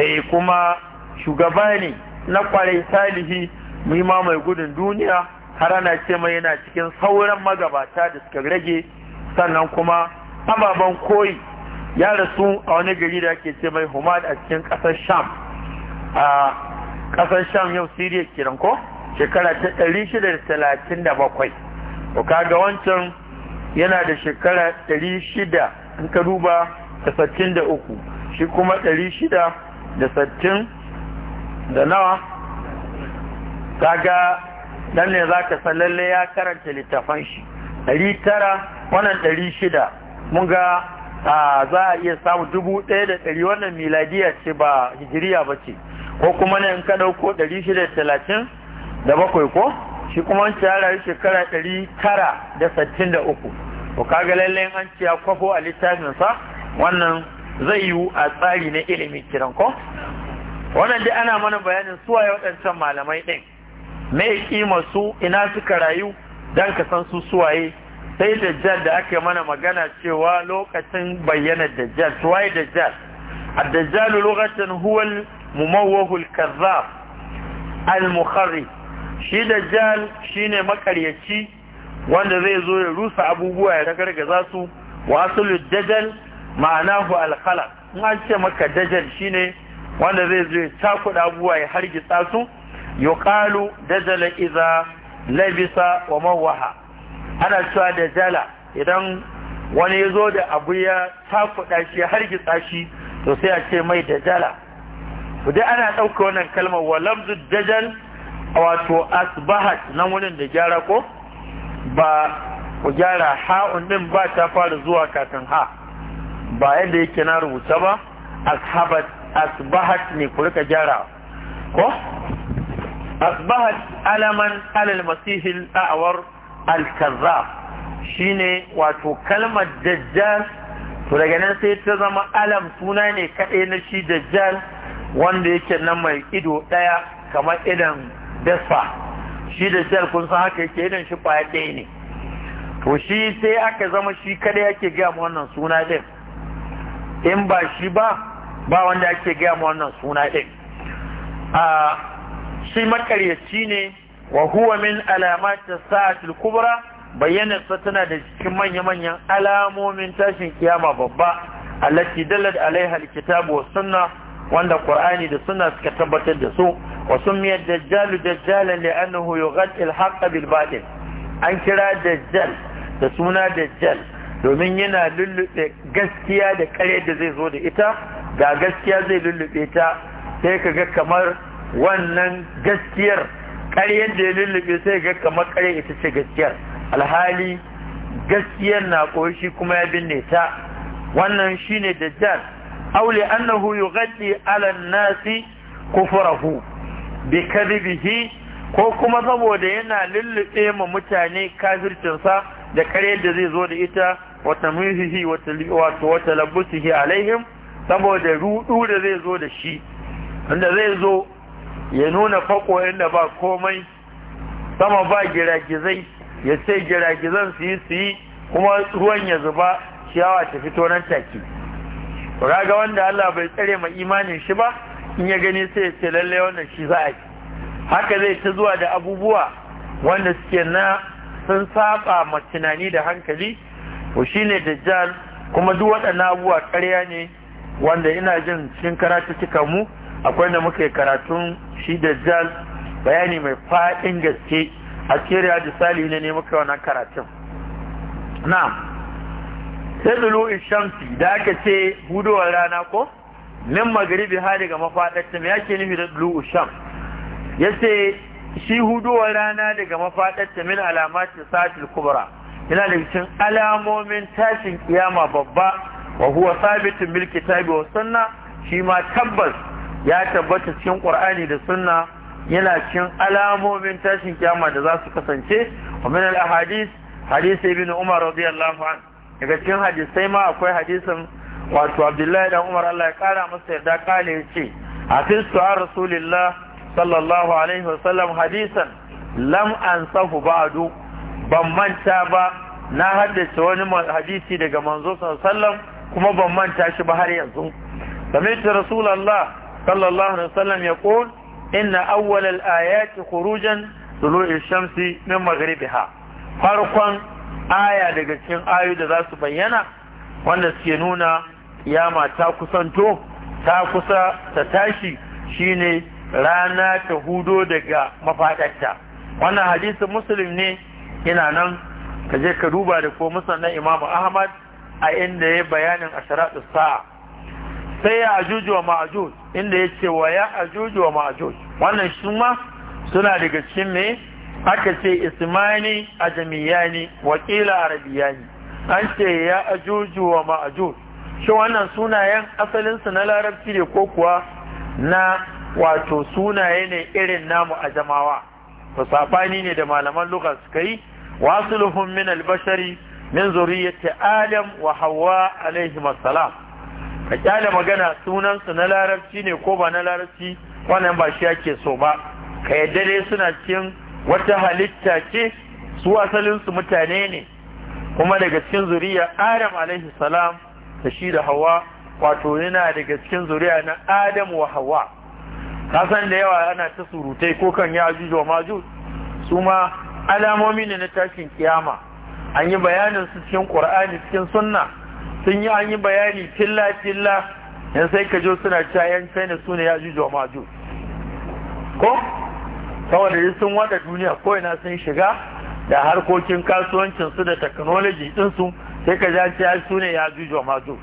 eh kuma shugaba ne na kwarai salihi ni ma mai gudun duniya har ana ce mai yana cikin sauran magabata da suka rage sannan kuma ababen koyi ya rasu a wani gari da ake ce mai humad a cikin ƙasar sham a ƙasar sham yau siriya kiran ko shekara ta ɗari shida da talatin da bakwai to kaga wancan yana da shekara ɗari shida in ka duba da sittin da uku shi kuma ɗari shida da sittin da nawa kaga dan ne zaka san lalle ya karanta littafan shi ɗari tara wannan ɗari shida mun ga za a iya samu dubu ɗaya da ɗari wannan miladiya ce ba hijiriya ba ce ko kuma ne in ka ɗauko ɗari shida da talatin da bakwai ko shi kuma an ya rayu shekara ɗari tara da sittin da uku to kaga lalle an ce ya kwafo a sa wannan zai yiwu a tsari na ilimin kiran ko wannan dai ana mana bayanin suwaye waɗancan malamai ɗin me kima su ina suka rayu dan ka san su suwaye sai dajjal da aka mana magana cewa lokacin bayyana dajjal suwaye dajjal الدجال لغة هو المموه al-mukhari shi dajjal shine makaryaci wanda zai zo ya rusa abubuwa ya ragargaza su wasu dajjal ma'anahu alkhala in an ce maka dajjal shine wanda zai zo ya takuda abubuwa ya hargitsa su yuqalu dajala idza labisa wa mawaha ana cewa dajala idan wani ya zo da abu ya takuɗa shi har gitsa shi to sai a ce mai dajala to dai ana ɗauka wannan kalmar wa lamzu dajal wato asbahat nan wurin da gyara ko ba ku gyara ha'un din ba ta fara zuwa kafin ha ba yadda yake na rubuta ba ashabat asbahat ne ku rika gyara ko asbahat alaman alal masihil a'war al-kazzab shine wato kalmar dajjal to daga nan sai ta zama alam suna ne kaɗai na shi dajjal wanda yake nan mai ido ɗaya kamar idan dasfa shi dajjal kun san haka yake idan shi kwaya ɗaya ne to shi sai aka zama shi kaɗai ake gaya ma wannan suna ɗin in ba shi ba ba wanda ake gaya ma wannan suna ɗin a shi makaryaci ne wa huwa min alamati sa'atil kubra bayyana tana da cikin manya-manyan alamomin tashin kiyama babba allati dallat alaiha alkitabu was sunna wanda qur'ani da sunna suka tabbatar da su wa sumiyat dajjal dajjalan li'annahu yughatti al-haqq bil batil an kira dajjal da suna dajjal domin yana lullube gaskiya da ƙarya da zai zo da ita ga gaskiya zai lullube ta sai ka ga kamar wannan gaskiyar ƙaryar da ya lullube sai ga kamar ƙarya ita ce gaskiyar alhali gaskiyar na ƙoshi kuma ya binne ta wannan shine dajjal aule annahu gaɗi alan nasi kufrahu bi ko kuma saboda yana lullube ma mutane kafircinsa da ƙaryar da zai zo da ita wata tamhihi wata talabbusihi alaihim saboda rudu da zai zo da shi wanda zai zo ya nuna fako inda ba komai sama ba giragizai ya ce giragizan su yi su yi kuma ruwan ya zuba ciyawa ta fito nan take raga wanda Allah bai tsare ma imanin shi ba in ya gani sai ya ce lallai wannan shi za a yi haka zai ta zuwa da abubuwa wanda suke na sun saba ma tunani da hankali ko shine dajjal kuma duk waɗannan abubuwa ƙarya ne wanda ina jin cikin karatuttukan mu akwai da muke karatun shi da jal bayani mai faɗin gaske a cikin da sali ne ne muka wannan karatun na sai dulu ishamsi da aka ce hudowar rana ko min magaribi ha daga mafaɗarta me yake nufi da dulu isham ya ce shi huduwar rana daga mafaɗarta min alamatin sa'atul kubra yana da cikin alamomin tashin kiyama babba wa huwa sabitin bil kitabi wa sunna shi ma tabbas ya tabbata cikin qur'ani da sunna yana cikin alamomin tashin kiyama da za su kasance wa min al ahadith hadith ibn umar radiyallahu an daga cikin hadisai ma akwai hadisin wato abdullahi dan umar Allah ya kara masa yarda kale yace hafizu a rasulillah sallallahu alaihi wasallam hadisan lam ansahu ba'du ban manta ba na haddace wani hadisi daga manzo sallallahu kuma ban manta shi ba har yanzu sami'tu rasulullah صلى الله عليه وسلم يقول إن أول الآيات خروجا طلوع الشمس من مغربها فرقا آية da آية ذا سبينا wanda suke nuna kiyama ta kusanto ta kusa ta tashi shine rana ta hudo daga mafaɗarta wannan hadisin muslim ne yana nan ka je ka duba da ko musan na ahmad a inda ya bayanin asharatu sa'a sai ya ajuju wa ma'ajuj inda ya ce wa ya ajuju wa ma'ajuj wannan shi ma suna daga cikin me aka ce ismani ajamiyani wakila arabiyani an ce ya ajuju wa ma'ajuj shi wannan sunayen asalinsu na larabci ne ko kuwa na wato sunaye ne irin namu a jamawa to sabani ne da malaman lugha suka yi wasuluhum min albashari min zuriyyati adam wa hawa alaihi assalam ka kyale magana sunansu na larabci ne ko ba na larabci wannan ba shi ake so ba ka yadda dai suna cikin wata halitta ce su asalinsu mutane ne kuma daga cikin zuriya adam alaihi salam da shi da hawa wato yana daga cikin zuriya na adam wa hawa kasan da yawa ana ta surutai ko kan ya juju wa maju su ma alamomi ne na tashin kiyama an yi bayanin su cikin ƙur'ani cikin sunna sun yi an bayani tilla filla yan sai ka jo suna cewa yan china su ne ya jo wa maju ko saboda sun wada duniya ko ina sun shiga da harkokin kasuwancin su da technology din su sai ka ja ci su ne ya jo wa maju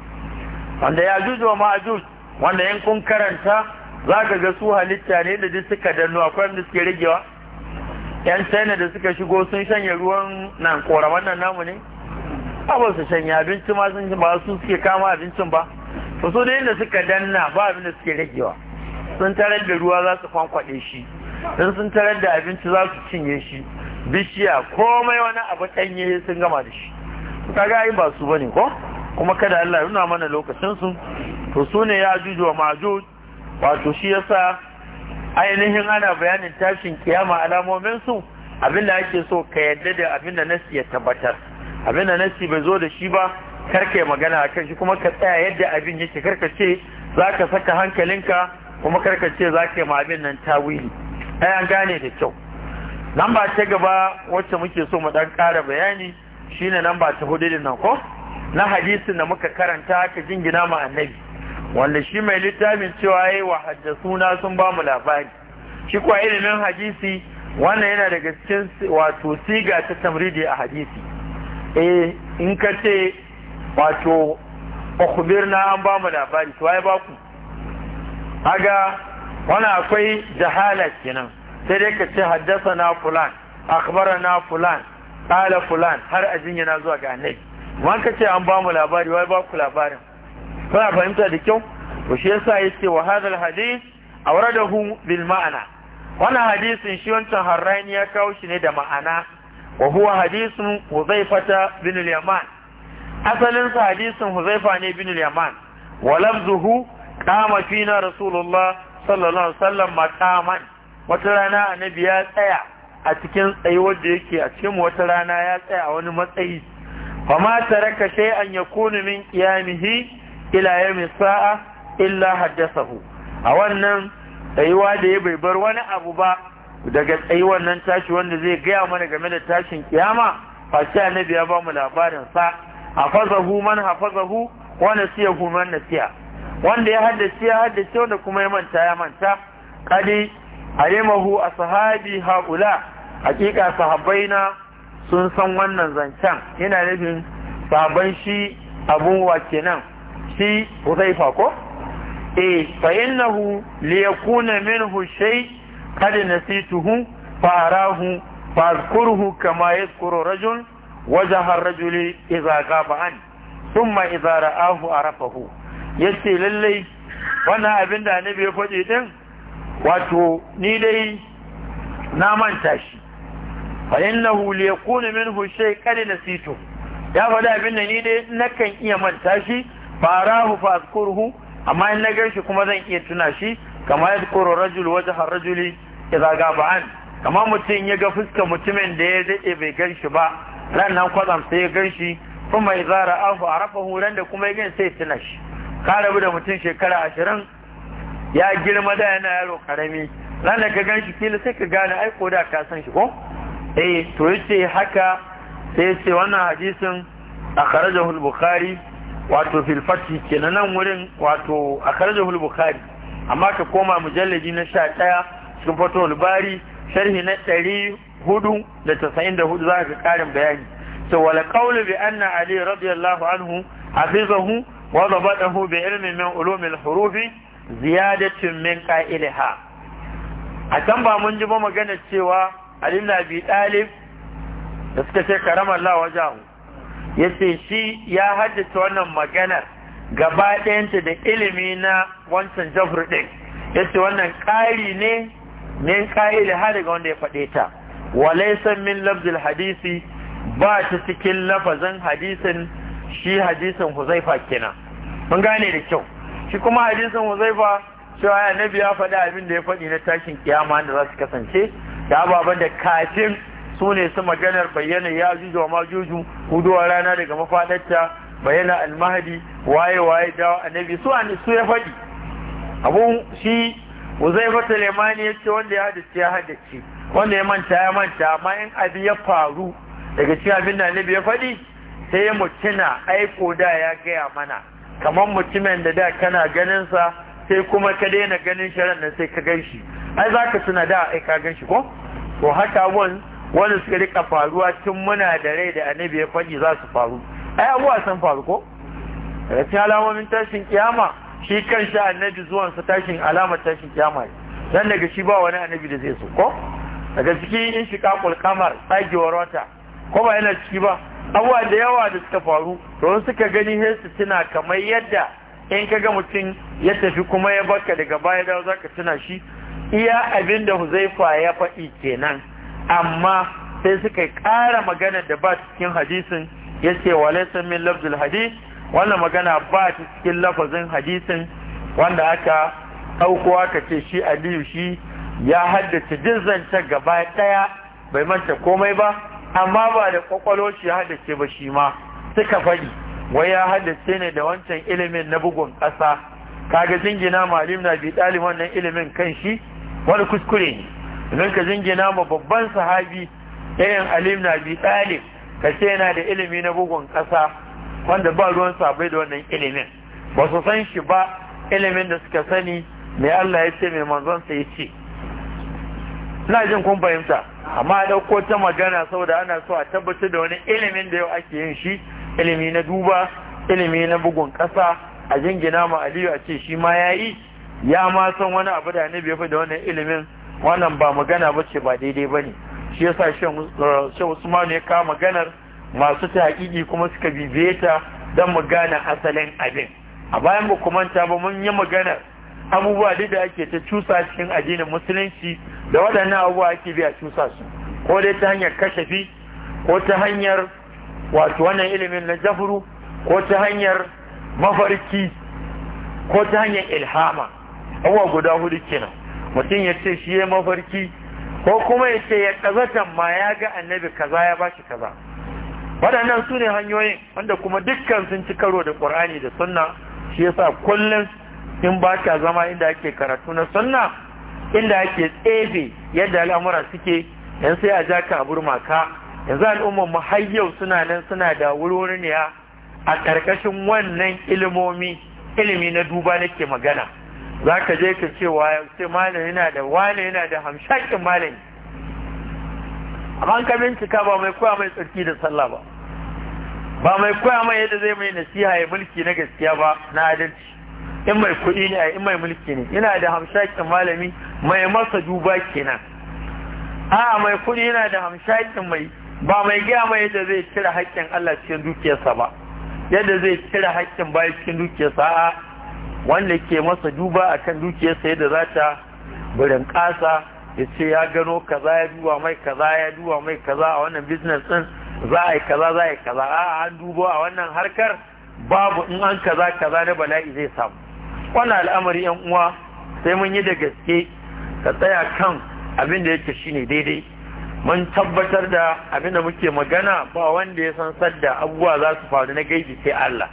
wanda ya jo wa maju wanda yan kun karanta za ka ga su halitta ne da duk suka danno akwai wanda suke ragewa yan china da suka shigo sun shanye ruwan nan koraman nan namu ne abin su shanya abinci ma sun ba su suke kama abincin ba to su da inda suka danna ba abin da suke ragewa sun tarar da ruwa za su kwankwaɗe shi don sun tarar da abinci za su cinye shi bishiya komai wani abu ɗanye sun gama da shi ta ga ba su bane ko kuma kada Allah ya mana lokacin su to su ne ya juju wa wato shi yasa ainihin ana bayanin tashin kiyama alamomin su abinda ake so ka yadda da abinda nasi ya tabbatar abin da nasi bai zo da shi ba karka yi magana a kan shi kuma ka tsaya yadda abin yake karka ce za ka saka hankalinka kuma karka ce za ka yi ma abin nan tawili ai gane da kyau lamba ta gaba wacce muke so mu dan ƙara bayani shine lamba ta hudu din nan ko na hadisin da muka karanta ka jingina ma annabi wanda shi mai littafin cewa yayi wa haddasuna sun ba mu labari shi kuwa ilimin hadisi wannan yana daga cikin wato siga ta tamridi a hadisi eh in ka ce wato ukubir na an ba mu labari to ai ba haga wani akwai jahala kenan sai dai ka ce haddasa na fulan akbara na fulan ala fulan har a jinya na zuwa ga annabi wani ka ce an ba mu labari wai baku ku labarin kuna fahimta da kyau to shi yasa yace wa hadal hadith awradahu bil ma'ana wannan hadisin shi wancan harrani ya kawo shi ne da ma'ana wa huwa hadisun huzaifata bin al-yaman asalin sa hadisin huzaifa ne bin al-yaman wa lafzuhu qama fina rasulullah sallallahu alaihi wasallam maqaman wata rana annabi ya tsaya a cikin tsayuwar da yake a cikin wata rana ya tsaya a wani matsayi fa ma taraka shay'an yakunu min qiyamihi ila sa'a illa haddathahu a wannan tsayuwa da ya bai bar wani abu ba daga tsayi wannan tashi wanda zai gaya mana game da tashin kiyama sai annabi ya ba mu labarin sa hafazahu man hafazahu wa nasiyahu man nasiya wanda ya haddace ya haddace wanda kuma ya manta ya manta kadi alimahu ashabi haula hakika sahabbaina sun san wannan zancen yana nufin sahabban shi abu wa kenan shi huzaifa ko eh fa innahu liyakuna minhu shay' kada nasituhu farahu fazkurhu kama yazkuru rajul wajaha ar-rajuli idza ghaba an thumma idza ra'ahu ya ce lallai wannan abin da annabi ya faɗi din wato ni dai na manta shi fa innahu li yakuna minhu shay kada nasitu ya faɗi abin da ni dai nakan iya manta shi farahu fazkurhu amma in na gan shi kuma zan iya tuna shi kama yadkuru rajul wajen ar-rajuli zaga ba an kamar mutum ya ga fuska mutumin da ya daɗe bai gan shi ba ran nan kwatsam sai ya gan shi kuma idza ra'ahu arafa ran da kuma ya gan sai tuna shi ka rabu da mutum shekara ashirin ya girma da yana yaro karami ran da ka gan shi kila sai ka gane aiko da ka san shi ko eh to yace haka sai ce wannan hadisin akhrajahu al-bukhari wato fil fathi kenan nan wurin wato akhrajahu al-bukhari amma ka koma mujalladi na 11 cikin fatowar bari sharhi na ɗari hudu da tasa'in da hudu za ka ƙarin bayani to wala qawlu bi anna ali radiyallahu anhu hafizahu wa dabatahu bi ilmin min ulumil hurufi ziyadatin min qa'ilha a can ba mun ji ba magana cewa ali na bi dalib da suka ce karamar wajahu yace shi ya haddace wannan maganar gaba ɗayanta da ilimi na wancan jafur ɗin yace wannan ƙari ne min ƙa'ili har ga wanda ya faɗe ta san min lafzil hadisi ba ta cikin lafazan hadisin shi hadisin huzaifa kenan mun gane da kyau shi kuma hadisin huzaifa cewa annabi ya faɗi abin da ya faɗi na tashin kiyama da za su kasance da ababen da kafin su ne su maganar bayyana ya juju wa majuju huduwa rana daga mafaɗarta bayyana almahadi waye waye dawa annabi su ya faɗi abun shi Uzaifatul ya ce wanda ya haddace ya haddace wanda ya manta ya manta amma in abi ya faru daga cikin abin da Annabi ya faɗi sai ya mutuna aiko da ya gaya mana kamar mutumin da da kana ganin sa sai kuma ka daina ganin shi ran sai ka gan shi ai ka tuna da ai ka gan shi ko to haka won wani suka rika faruwa tun muna da rai da Annabi ya faɗi za su faru ai abuwa sun faru ko daga cikin alamomin tashin kiyama shi kan sha annabi zuwan sa tashin alamar tashin kiyama ne dan daga shi ba wani annabi da zai so ko daga cikin inshiqaqul kulkamar tsagewar wata ko ba yana ciki ba abuwa da yawa da suka faru to suka gani sai su tuna kamar yadda in ka ga mutum ya tafi kuma ya baka daga baya da zaka tuna shi iya abin da Huzaifa ya faɗi kenan amma sai suka ƙara magana da ba cikin hadisin yace walaysa min lafzul hadith wannan magana ba ta cikin lafazin hadisin wanda aka ɗauko aka ce shi aliyu shi ya haddace duk gaba ɗaya bai manta komai ba amma ba da kwakwalo shi ya haddace ba shi ma suka faɗi wai ya haddace ne da wancan ilimin na bugun ƙasa kaga jingina malim na bi ɗalin wannan ilimin kan shi wani kuskure ne idan ka jingina ma babban sahabi irin alim na bi ɗalib ka yana da ilimi na bugun ƙasa wanda ba ruwan sabai da wannan ilimin ba su san shi ba ilimin da suka sani mai Allah ya ce mai manzon sa ya ce ina jin kun fahimta amma a ɗauko ta magana saboda ana so a tabbatar da wani ilimin da yau ake yin shi ilimi na duba ilimi na bugun ƙasa a jingina ma aliyu a ce shi ma ya yi ya ma san wani abu da ne bai fi da wannan ilimin wannan ba magana ba ce ba daidai ba ne shi yasa shan usman ya kawo maganar masu taƙiƙi kuma suka bibiye ta don mu gane asalin abin a bayan ba manta ba mun yi magana abubuwa duk da ake ta cusa cikin addinin musulunci da waɗannan abubuwa ake biya cusa su ko dai ta hanyar kashafi ko ta hanyar wato wannan ilimin na jafuru ko ta hanyar mafarki ko ta hanyar ilhama abubuwa guda hudu kenan mutum ya ce shi ya mafarki ko kuma ya ce ya ƙazatan ma ya ga annabi kaza ya ba shi kaza waɗannan su ne hanyoyin wanda kuma dukkan sun ci karo da ƙur'ani da sunna shi yasa kullum in ba ka zama inda ake karatu na sunna inda ake tsefe yadda al'amura suke yan sai a ja ka burma ka yanzu al'ummar mu har suna nan suna da wurwurniya a ƙarƙashin wannan ilimomi ilimi na duba nake magana za ka je ka ce wa yana da yana da hamshakin malami amma ka bincika ba mai kowa mai tsarki da sallah ba ba mai koya mai yadda zai mai nasiha ya mulki na gaskiya ba na adalci in mai kuɗi ne in mai mulki ne Ina da hamshakin malami mai masa duba kenan a mai kuɗi yana da hamshakin mai ba mai gaya mai yadda zai cire haƙƙin Allah cikin dukiyarsa ba yadda zai cire haƙƙin bayan cikin dukiyarsa a wanda ke masa duba akan dukiyarsa yadda za ta burin ƙasa ya ce ya gano kaza ya duwa mai kaza ya duwa mai kaza a wannan business din za a yi kaza za a yi kaza a an dubo a wannan harkar babu in an kaza kaza na bala'i zai samu wannan al'amari yan uwa sai mun yi da gaske ka tsaya kan abin da yake shine daidai mun tabbatar da abin da muke magana ba wanda ya san sadda abubuwa za su faru na gaibi sai Allah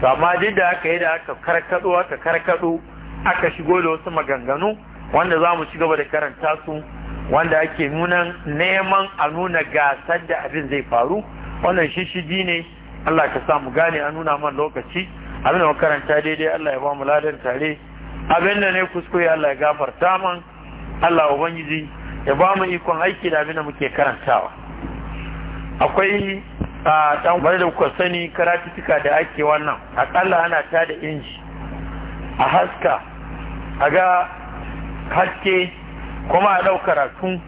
to amma duk da aka yi da aka karkado aka karkado aka shigo da wasu maganganu wanda za mu ci gaba da karanta su wanda ake nunan neman a nuna gasar da abin zai faru wannan shishigi ne Allah ka samu gane a nuna man lokaci abin da makaranta daidai Allah ya ba mu ladan tare abin da ne kuskure Allah ya gafarta man Allah ubangiji ya ba mu ikon aiki da abin da muke karantawa akwai a dan bare da kuka sani karatutuka da ake wannan akalla ana ta da inji a haska a ga haske kuma a ɗau karatu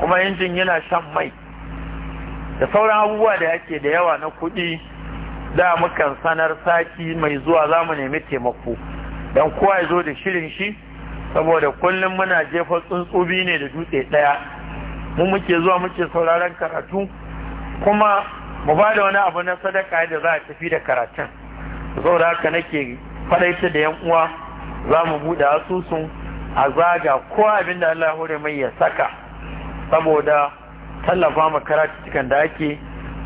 kuma injin yana shan mai da sauran abubuwa da yake da yawa na kuɗi da mukan sanar sati mai zuwa za mu nemi taimako don kowa ya zo da shirin shi saboda kullum muna jefa tsuntsubi ne da dutse ɗaya mu muke zuwa muke sauraron karatu kuma mu ba da wani abu na sadaka da za a tafi da karatun saboda haka nake faɗaita da yan uwa za mu buɗe asusun a zaga ko abin da Allah hore mai ya saka saboda tallafa ma cikin da ake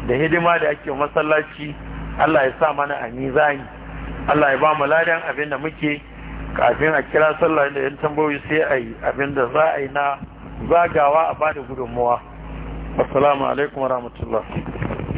da hidima da ake masallaci Allah ya sa mana a mizani Allah ya ba mu ladan abin da muke kafin a kira sallah da yan tambayoyi sai a yi abin da za a yi na zagawa a bada gudunmuwa assalamu alaikum rahmatullah